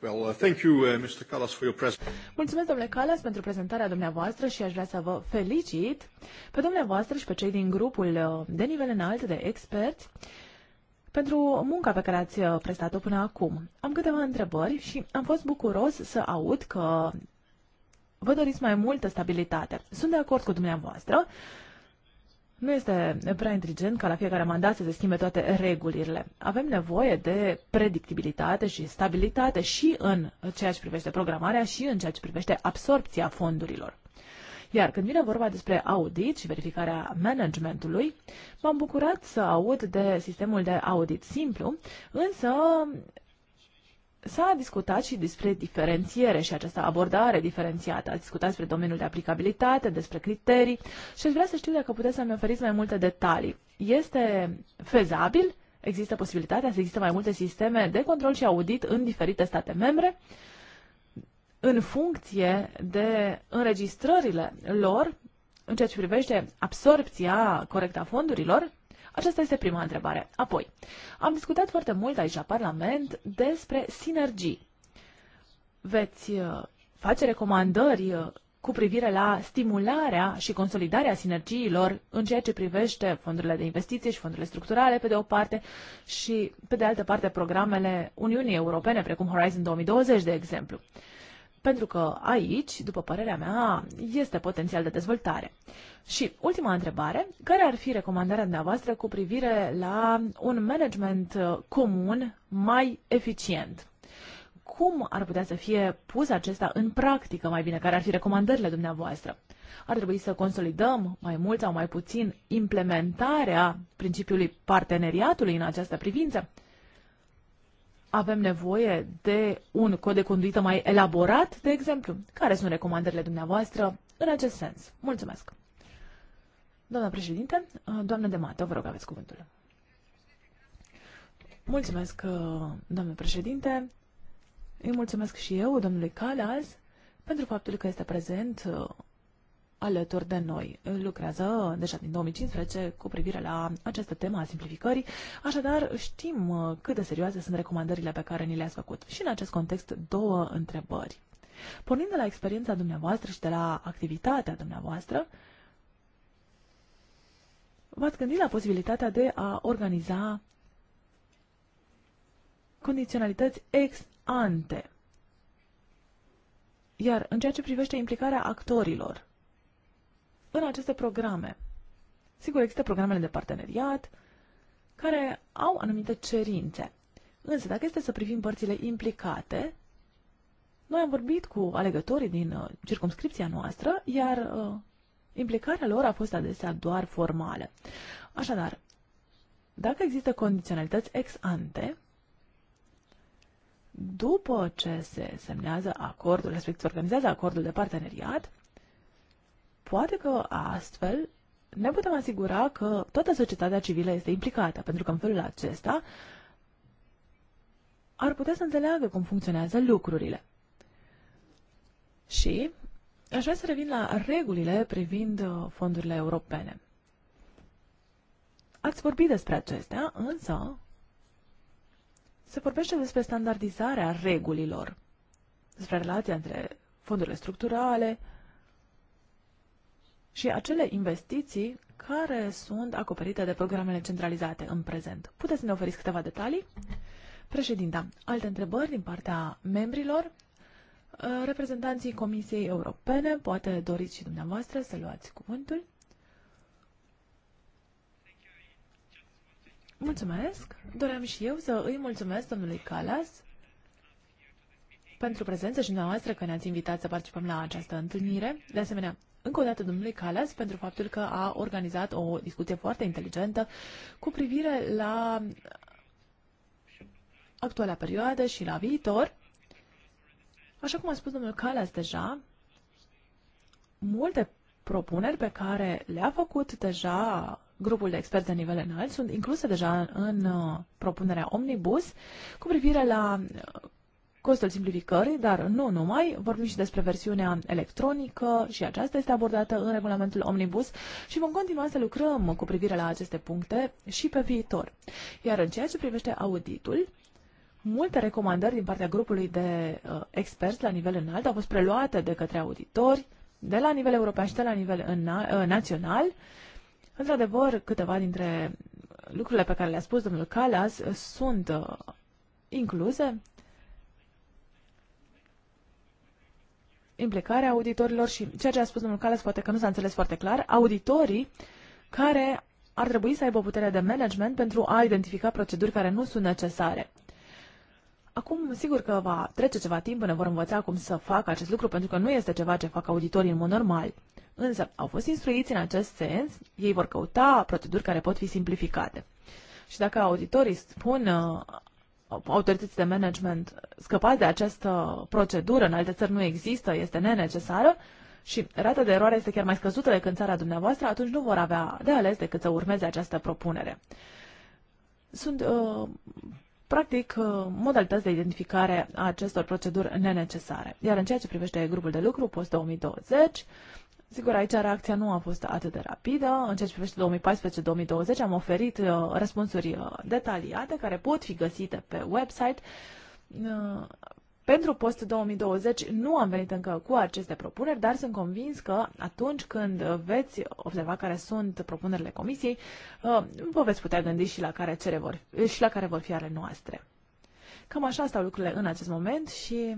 Well, uh, thank you, uh, Mr. Callas, for your Mulțumesc, domnule Callas, pentru prezentarea dumneavoastră și aș vrea să vă felicit pe dumneavoastră și pe cei din grupul uh, de nivel înalt de experți pentru munca pe care ați prestat-o până acum. Am câteva întrebări și am fost bucuros să aud că vă doriți mai multă stabilitate. Sunt de acord cu dumneavoastră nu este prea inteligent ca la fiecare mandat să se schimbe toate regulile. Avem nevoie de predictibilitate și stabilitate și în ceea ce privește programarea și în ceea ce privește absorpția fondurilor. Iar când vine vorba despre audit și verificarea managementului, m-am bucurat să aud de sistemul de audit simplu, însă S-a discutat și despre diferențiere și această abordare diferențiată. Ați discutat despre domeniul de aplicabilitate, despre criterii și aș vrea să știu dacă puteți să-mi oferiți mai multe detalii. Este fezabil? Există posibilitatea să există mai multe sisteme de control și audit în diferite state membre în funcție de înregistrările lor în ceea ce privește absorpția corectă a fondurilor aceasta este prima întrebare. Apoi, am discutat foarte mult aici la Parlament despre sinergii. Veți uh, face recomandări uh, cu privire la stimularea și consolidarea sinergiilor în ceea ce privește fondurile de investiție și fondurile structurale, pe de o parte, și, pe de altă parte, programele Uniunii Europene, precum Horizon 2020, de exemplu pentru că aici, după părerea mea, este potențial de dezvoltare. Și ultima întrebare, care ar fi recomandarea dumneavoastră cu privire la un management uh, comun mai eficient? Cum ar putea să fie pus acesta în practică mai bine? Care ar fi recomandările dumneavoastră? Ar trebui să consolidăm mai mult sau mai puțin implementarea principiului parteneriatului în această privință? avem nevoie de un cod de conduită mai elaborat, de exemplu? Care sunt recomandările dumneavoastră în acest sens? Mulțumesc! Doamna președinte, doamna mată, vă rog, aveți cuvântul. Mulțumesc, doamnă președinte. Îi mulțumesc și eu, domnului Calas, pentru faptul că este prezent alături de noi. Lucrează deja din 2015 cu privire la această temă a simplificării, așadar știm uh, cât de serioase sunt recomandările pe care ni le-ați făcut. Și în acest context, două întrebări. Pornind de la experiența dumneavoastră și de la activitatea dumneavoastră, v-ați gândit la posibilitatea de a organiza condiționalități ex ante. Iar în ceea ce privește implicarea actorilor, în aceste programe. Sigur, există programele de parteneriat care au anumite cerințe. Însă, dacă este să privim părțile implicate, noi am vorbit cu alegătorii din uh, circumscripția noastră, iar uh, implicarea lor a fost adesea doar formală. Așadar, dacă există condiționalități ex ante, după ce se semnează acordul, respectiv se organizează acordul de parteneriat, Poate că astfel ne putem asigura că toată societatea civilă este implicată, pentru că în felul acesta ar putea să înțeleagă cum funcționează lucrurile. Și aș vrea să revin la regulile privind uh, fondurile europene. Ați vorbit despre acestea, însă se vorbește despre standardizarea regulilor, despre relația între fondurile structurale, și acele investiții care sunt acoperite de programele centralizate în prezent. Puteți să ne oferiți câteva detalii? Președinta, alte întrebări din partea membrilor? Uh, reprezentanții Comisiei Europene, poate doriți și dumneavoastră să luați cuvântul. Mulțumesc! Doream și eu să îi mulțumesc domnului Calas pentru prezență și dumneavoastră că ne-ați invitat să participăm la această întâlnire. De asemenea, încă o dată domnului Calas pentru faptul că a organizat o discuție foarte inteligentă cu privire la actuala perioadă și la viitor. Așa cum a spus domnul Calas deja, multe propuneri pe care le-a făcut deja grupul de experți de nivel înalt sunt incluse deja în uh, propunerea Omnibus cu privire la uh, costul simplificării, dar nu numai. Vorbim și despre versiunea electronică și aceasta este abordată în regulamentul Omnibus și vom continua să lucrăm cu privire la aceste puncte și pe viitor. Iar în ceea ce privește auditul, multe recomandări din partea grupului de uh, experți la nivel înalt au fost preluate de către auditori de la nivel european și de la nivel înna- uh, național. Într-adevăr, câteva dintre lucrurile pe care le-a spus domnul Calas sunt uh, incluse implicarea auditorilor și ceea ce a spus domnul Cales, poate că nu s-a înțeles foarte clar, auditorii care ar trebui să aibă puterea de management pentru a identifica proceduri care nu sunt necesare. Acum, sigur că va trece ceva timp până vor învăța cum să facă acest lucru, pentru că nu este ceva ce fac auditorii în mod normal. Însă, au fost instruiți în acest sens, ei vor căuta proceduri care pot fi simplificate. Și dacă auditorii spun uh, autorități de management scăpați de această procedură, în alte țări nu există, este nenecesară și rata de eroare este chiar mai scăzută decât în țara dumneavoastră, atunci nu vor avea de ales decât să urmeze această propunere. Sunt uh, practic uh, modalități de identificare a acestor proceduri nenecesare. Iar în ceea ce privește grupul de lucru post-2020, Sigur, aici reacția nu a fost atât de rapidă. În ceea ce privește 2014-2020 am oferit uh, răspunsuri uh, detaliate care pot fi găsite pe website. Uh, pentru post-2020 nu am venit încă cu aceste propuneri, dar sunt convins că atunci când veți observa care sunt propunerile comisiei, vă veți putea gândi și la care, cere vor, și la care vor fi ale noastre. Cam așa stau lucrurile în acest moment și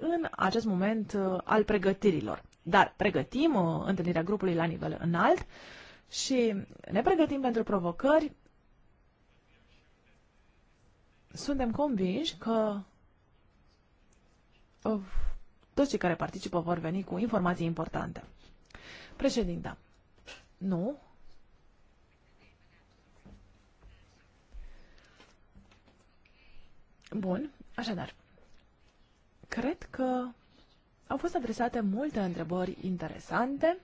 în acest moment al pregătirilor. Dar pregătim întâlnire uh, întâlnirea grupului la nivel înalt și ne pregătim pentru provocări. Suntem convinși că of, uh, toți cei care participă vor veni cu informații importante. Președinta, nu, Bun, așadar, cred că au fost adresate multe întrebări interesante.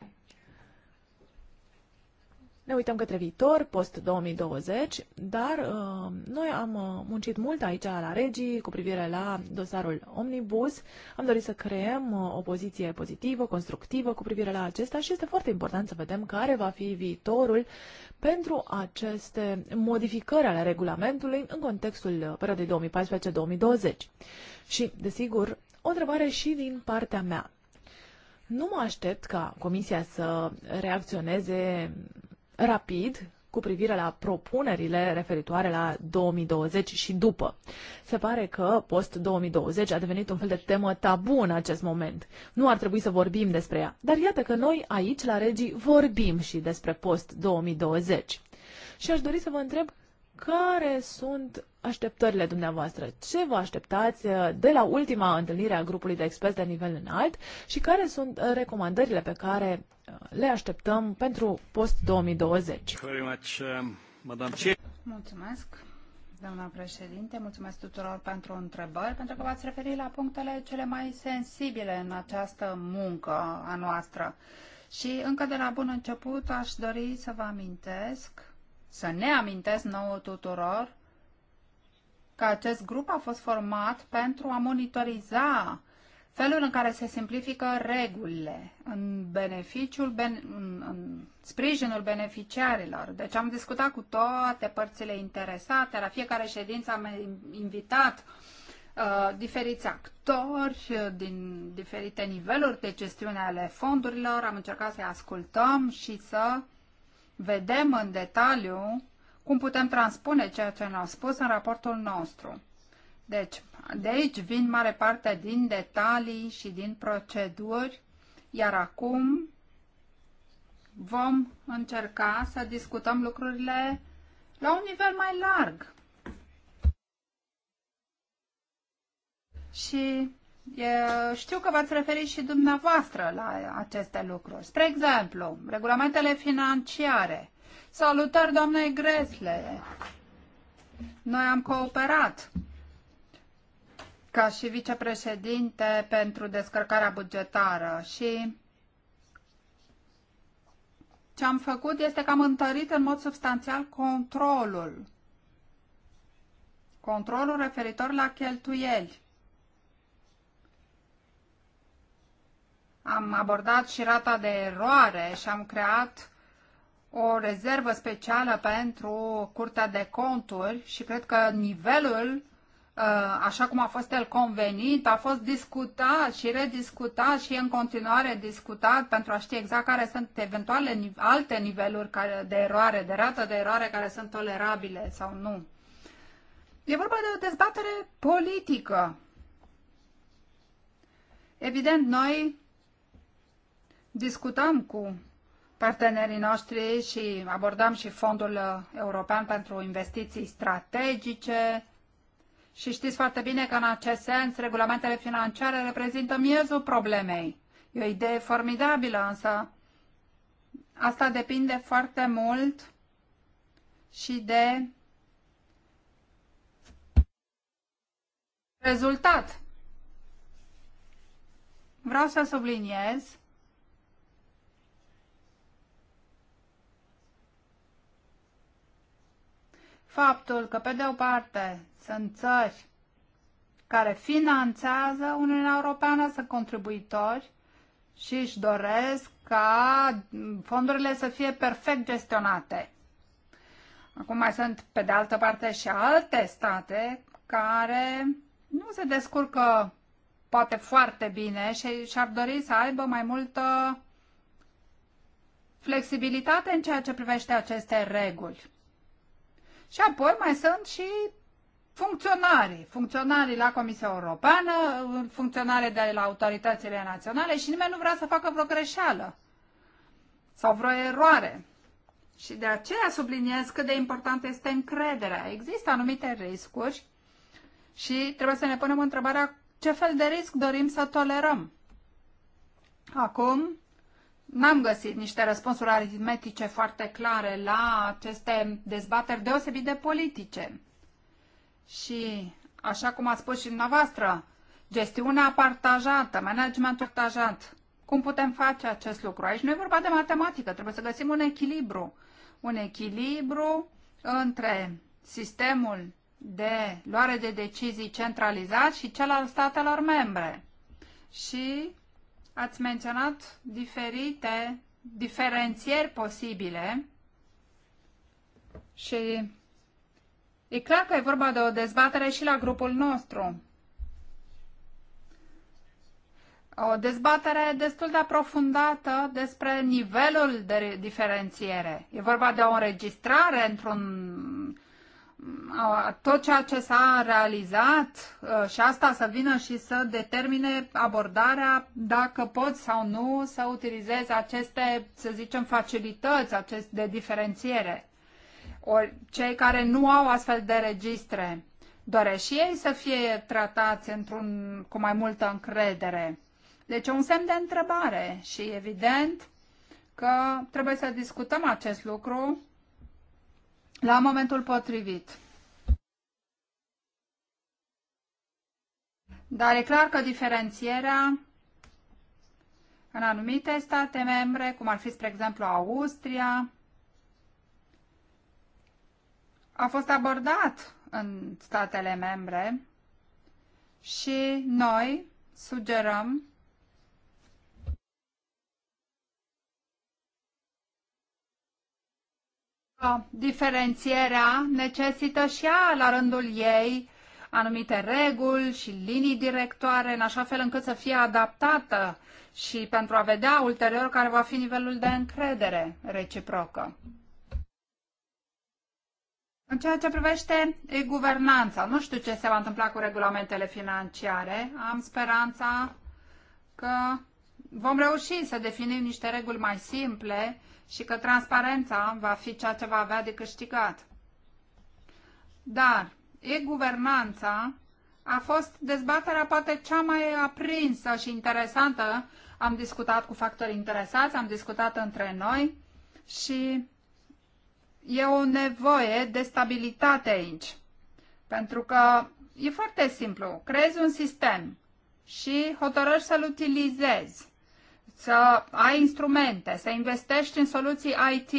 Ne uităm către viitor, post-2020, dar uh, noi am uh, muncit mult aici la regii cu privire la dosarul Omnibus. Am dorit să creăm uh, o poziție pozitivă, constructivă cu privire la acesta și este foarte important să vedem care va fi viitorul pentru aceste modificări ale regulamentului în contextul uh, perioadei 2014-2020. Și, desigur, o întrebare și din partea mea. Nu mă aștept ca Comisia să reacționeze rapid cu privire la propunerile referitoare la 2020 și după. Se pare că post-2020 a devenit un fel de temă tabu în acest moment. Nu ar trebui să vorbim despre ea. Dar iată că noi aici, la Regii, vorbim și despre post-2020. Și aș dori să vă întreb care sunt așteptările dumneavoastră? Ce vă așteptați uh, de la ultima întâlnire a grupului de experți de nivel înalt și care sunt uh, recomandările pe care uh, le așteptăm pentru post-2020? Mulțumesc, doamna președinte, mulțumesc tuturor pentru întrebări, pentru că v-ați referit la punctele cele mai sensibile în această muncă a noastră. Și încă de la bun început aș dori să vă amintesc să ne amintesc nouă tuturor că acest grup a fost format pentru a monitoriza felul în care se simplifică regulile în beneficiul, ben, în, în sprijinul beneficiarilor. Deci am discutat cu toate părțile interesate, la fiecare ședință am invitat uh, diferiți actori uh, din diferite niveluri de gestiune ale fondurilor, am încercat să-i ascultăm și să vedem în detaliu cum putem transpune ceea ce ne-au spus în raportul nostru. Deci, de aici vin mare parte din detalii și din proceduri, iar acum vom încerca să discutăm lucrurile la un nivel mai larg. Și știu că v-ați referit și dumneavoastră la aceste lucruri. Spre exemplu, regulamentele financiare. Salutări, doamnei Gresle! Noi am cooperat ca și vicepreședinte pentru descărcarea bugetară și ce am făcut este că am întărit în mod substanțial controlul. Controlul referitor la cheltuieli. am abordat și rata de eroare și am creat o rezervă specială pentru Curtea de Conturi și cred că nivelul, uh, așa cum a fost el convenit, a fost discutat și rediscutat și în continuare discutat pentru a ști exact care sunt eventuale alte niveluri de eroare, de rată de eroare care sunt tolerabile sau nu. E vorba de o dezbatere politică. Evident, noi discutam cu partenerii noștri și abordam și Fondul European pentru Investiții Strategice. Și știți foarte bine că în acest sens regulamentele financiare reprezintă miezul problemei. E o idee formidabilă, însă asta depinde foarte mult și de rezultat. Vreau să subliniez faptul că, pe de o parte, sunt țări care finanțează Uniunea Europeană, sunt contribuitori și își doresc ca fondurile să fie perfect gestionate. Acum mai sunt, pe de altă parte, și alte state care nu se descurcă poate foarte bine și și-ar dori să aibă mai multă flexibilitate în ceea ce privește aceste reguli. Și apoi mai sunt și funcționarii, funcționarii la Comisia Europeană, funcționarii de la autoritățile naționale și nimeni nu vrea să facă vreo greșeală sau vreo eroare. Și de aceea subliniez cât de importantă este încrederea. Există anumite riscuri și trebuie să ne punem întrebarea ce fel de risc dorim să tolerăm. Acum, N-am găsit niște răspunsuri aritmetice foarte clare la aceste dezbateri deosebit de politice. Și, așa cum ați spus și dumneavoastră, gestiunea partajată, managementul partajat, cum putem face acest lucru? Aici nu e vorba de matematică, trebuie să găsim un echilibru. Un echilibru între sistemul de luare de decizii centralizat și cel al statelor membre. Și ați menționat diferite diferențieri posibile și e clar că e vorba de o dezbatere și la grupul nostru. O dezbatere destul de aprofundată despre nivelul de diferențiere. E vorba de o înregistrare într-un tot ceea ce s-a realizat uh, și asta să vină și să determine abordarea dacă pot sau nu să utilizez aceste, să zicem, facilități acest de diferențiere. Ori cei care nu au astfel de registre doresc și ei să fie tratați într-un, cu mai multă încredere. Deci e un semn de întrebare și evident că trebuie să discutăm acest lucru la momentul potrivit. Dar e clar că diferențierea în anumite state membre, cum ar fi, spre exemplu, Austria, a fost abordat în statele membre și noi sugerăm diferențierea necesită și ea, la rândul ei, anumite reguli și linii directoare, în așa fel încât să fie adaptată și pentru a vedea ulterior care va fi nivelul de încredere reciprocă. În ceea ce privește guvernanța, nu știu ce se va întâmpla cu regulamentele financiare. Am speranța că vom reuși să definim niște reguli mai simple și că transparența va fi ceea ce va avea de câștigat. Dar e-guvernanța a fost dezbaterea poate cea mai aprinsă și interesantă. Am discutat cu factori interesați, am discutat între noi și e o nevoie de stabilitate aici. Pentru că e foarte simplu. Creezi un sistem și hotărăști să-l utilizezi să ai instrumente, să investești în soluții IT.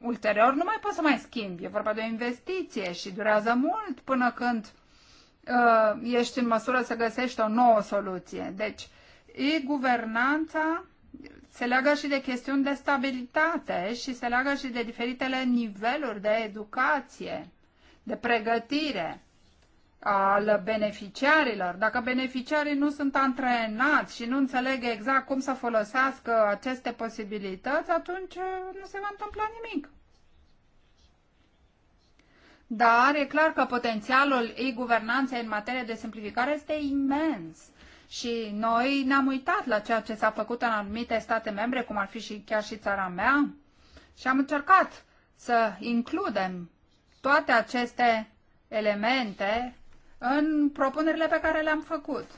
Ulterior nu mai poți să mai schimbi, e vorba de o investiție și durează mult până când uh, ești în măsură să găsești o nouă soluție. Deci, e-guvernanța se leagă și de chestiuni de stabilitate și se leagă și de diferitele niveluri de educație, de pregătire al beneficiarilor, dacă beneficiarii nu sunt antrenați și nu înțeleg exact cum să folosească aceste posibilități, atunci uh, nu se va întâmpla nimic. Dar e clar că potențialul e-guvernanței în materie de simplificare este imens. Și noi ne-am uitat la ceea ce s-a făcut în anumite state membre, cum ar fi și chiar și țara mea, și am încercat să includem toate aceste elemente în propunerile pe care le-am făcut.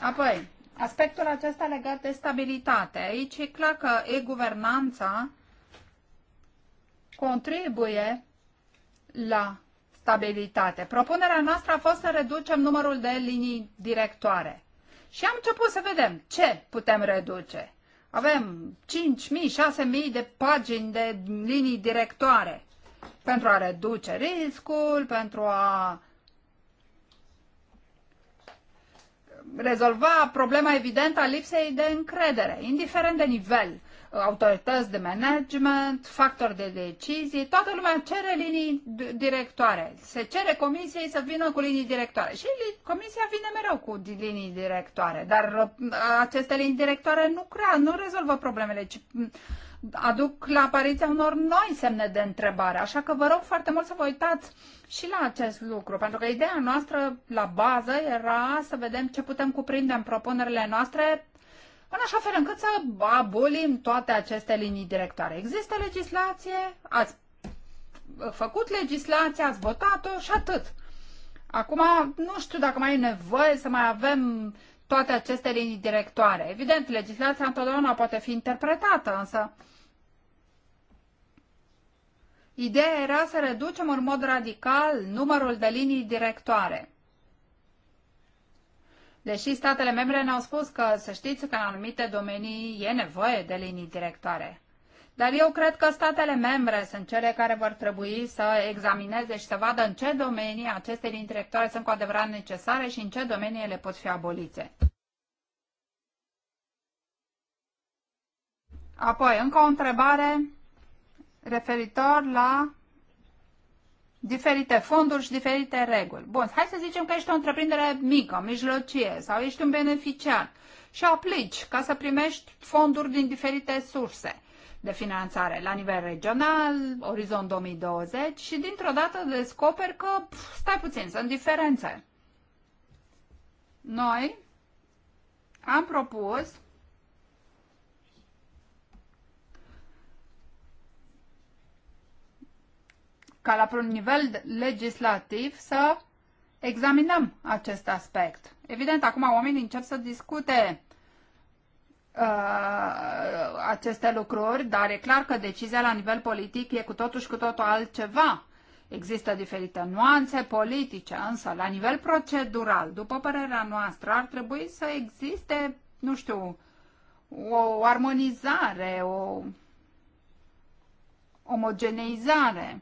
Apoi, aspectul acesta legat de stabilitate. Aici e clar că e-guvernanța contribuie la stabilitate. Propunerea noastră a fost să reducem numărul de linii directoare. Și am început să vedem ce putem reduce. Avem 5.000-6.000 de pagini de linii directoare pentru a reduce riscul, pentru a rezolva problema evidentă a lipsei de încredere, indiferent de nivel, uh, autorități de management, factori de decizie, toată lumea cere linii directoare. Se cere comisiei să vină cu linii directoare și comisia vine mereu cu linii directoare, dar uh, aceste linii directoare nu, crea, nu rezolvă problemele, ci aduc la apariția unor noi semne de întrebare. Așa că vă rog foarte mult să vă uitați și la acest lucru, pentru că ideea noastră la bază era să vedem ce putem cuprinde în propunerile noastre în așa fel încât să abolim toate aceste linii directoare. Există legislație, ați făcut legislația, ați votat-o și atât. Acum, nu știu dacă mai e nevoie să mai avem toate aceste linii directoare. Evident, legislația întotdeauna poate fi interpretată, însă Ideea era să reducem în mod radical numărul de linii directoare. Deși statele membre ne-au spus că, să știți, că în anumite domenii e nevoie de linii directoare. Dar eu cred că statele membre sunt cele care vor trebui să examineze și să vadă în ce domenii aceste linii directoare sunt cu adevărat necesare și în ce domenii ele pot fi abolite. Apoi, încă o întrebare referitor la diferite fonduri și diferite reguli. Bun, hai să zicem că ești o întreprindere mică, mijlocie sau ești un beneficiar și aplici ca să primești fonduri din diferite surse de finanțare la nivel regional, orizon 2020 și dintr-o dată descoperi că pf, stai puțin, sunt diferențe. Noi am propus ca la un nivel legislativ să examinăm acest aspect. Evident, acum oamenii încep să discute uh, aceste lucruri, dar e clar că decizia la nivel politic e cu totul și cu totul altceva. Există diferite nuanțe politice, însă la nivel procedural, după părerea noastră, ar trebui să existe, nu știu, o armonizare, o omogeneizare.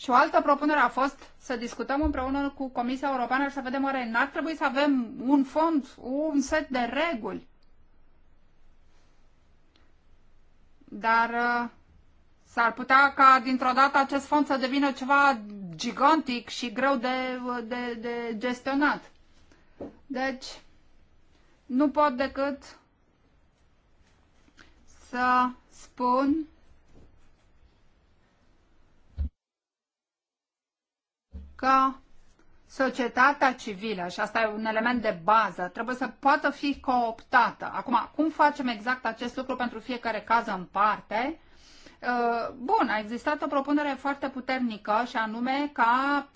Și o altă propunere a fost să discutăm împreună cu Comisia Europeană și să vedem oare n-ar trebui să avem un fond, un set de reguli. Dar uh, s-ar putea ca dintr-o dată acest fond să devină ceva gigantic și greu de, uh, de, de gestionat. Deci, nu pot decât să spun că societatea civilă, și asta e un element de bază, trebuie să poată fi cooptată. Acum, cum facem exact acest lucru pentru fiecare caz în parte? Uh, bun, a existat o propunere foarte puternică și anume ca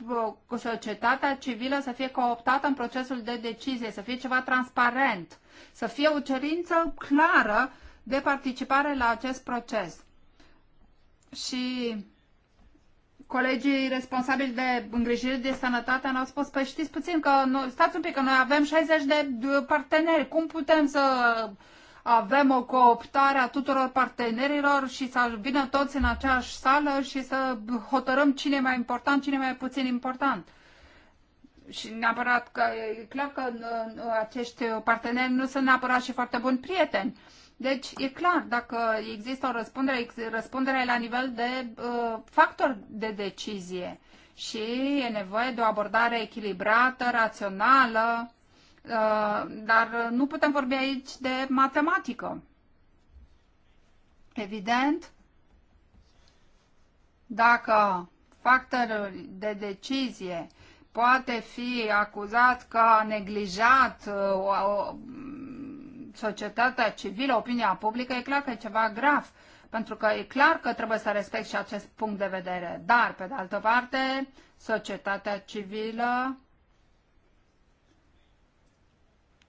uh, societatea civilă să fie cooptată în procesul de decizie, să fie ceva transparent, să fie o cerință clară de participare la acest proces. Și colegii responsabili de îngrijire de sănătate ne-au spus, păi știți puțin că noi, stați un pic, că noi avem 60 de parteneri, cum putem să avem o cooptare a tuturor partenerilor și să vină toți în aceeași sală și să hotărâm cine e mai important, cine e mai puțin important. Și neapărat că e clar că acești parteneri nu sunt neapărat și foarte buni prieteni. Uh, deci, e clar, dacă există o răspundere, răspunderea e la nivel de uh, factor de decizie și e nevoie de o abordare echilibrată, rațională, uh, dar nu putem vorbi aici de matematică. Evident, dacă factorul de decizie poate fi acuzat că a neglijat uh, societatea civilă, opinia publică, e clar că e ceva grav, pentru că e clar că trebuie să respect și acest punct de vedere. Dar, pe de altă parte, societatea civilă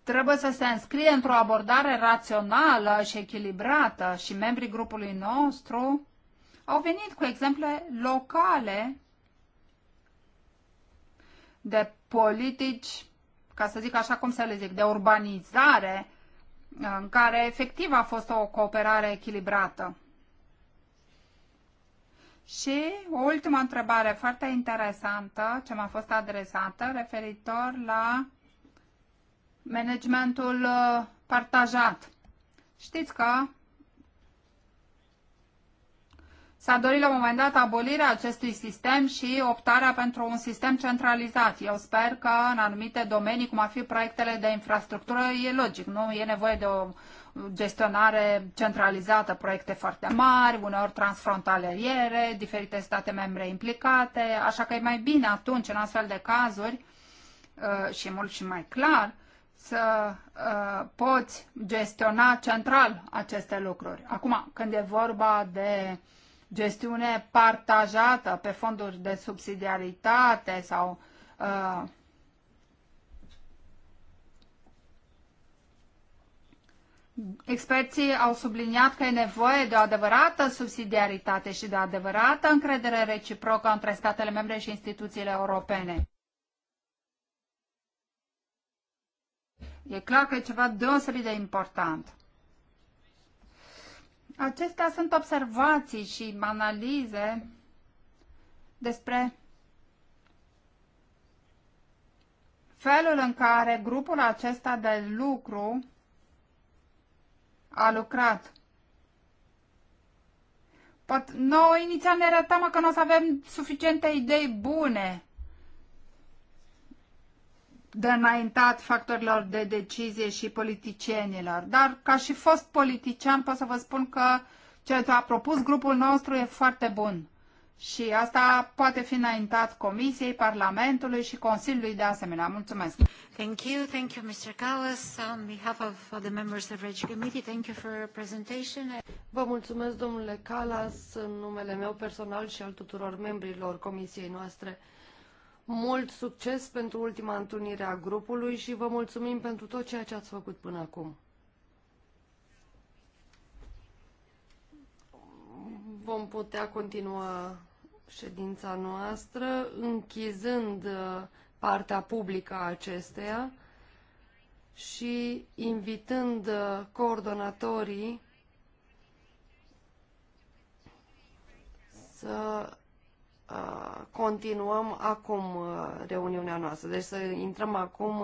trebuie să se înscrie într-o abordare rațională și echilibrată și membrii grupului nostru au venit cu exemple locale de politici, ca să zic așa cum să le zic, de urbanizare în care efectiv a fost o cooperare echilibrată. Și o ultimă întrebare foarte interesantă ce m-a fost adresată referitor la managementul uh, partajat. Știți că S-a dorit la un moment dat abolirea acestui sistem și optarea pentru un sistem centralizat. Eu sper că în anumite domenii, cum ar fi proiectele de infrastructură, e logic, nu e nevoie de o gestionare centralizată, proiecte foarte mari, uneori transfrontaliere, diferite state membre implicate, așa că e mai bine atunci, în astfel de cazuri, uh, și mult și mai clar, să uh, poți gestiona central aceste lucruri. Acum, când e vorba de gestiune partajată pe fonduri de subsidiaritate sau uh, Experții au subliniat că e nevoie de o adevărată subsidiaritate și de o adevărată încredere reciprocă între statele membre și instituțiile europene. E clar că e ceva deosebit de important. Acestea sunt observații și analize despre felul în care grupul acesta de lucru a lucrat. Pot, noi inițial ne arătăm că nu o să avem suficiente idei bune de înaintat factorilor de decizie și politicienilor. Dar ca și fost politician pot să vă spun că ceea ce a propus grupul nostru e foarte bun. Și asta poate fi înaintat Comisiei, Parlamentului și Consiliului de asemenea. Mulțumesc. Thank you, thank you, Mr. Kawas. On behalf of the members of Regi Committee, thank you for your presentation. Vă mulțumesc, domnule Calas, în numele meu personal și al tuturor membrilor Comisiei noastre. Mult succes pentru ultima întâlnire a grupului și vă mulțumim pentru tot ceea ce ați făcut până acum. Vom putea continua ședința noastră închizând uh, partea publică a acesteia și invitând uh, coordonatorii să continuăm acum uh, reuniunea noastră. Deci să intrăm acum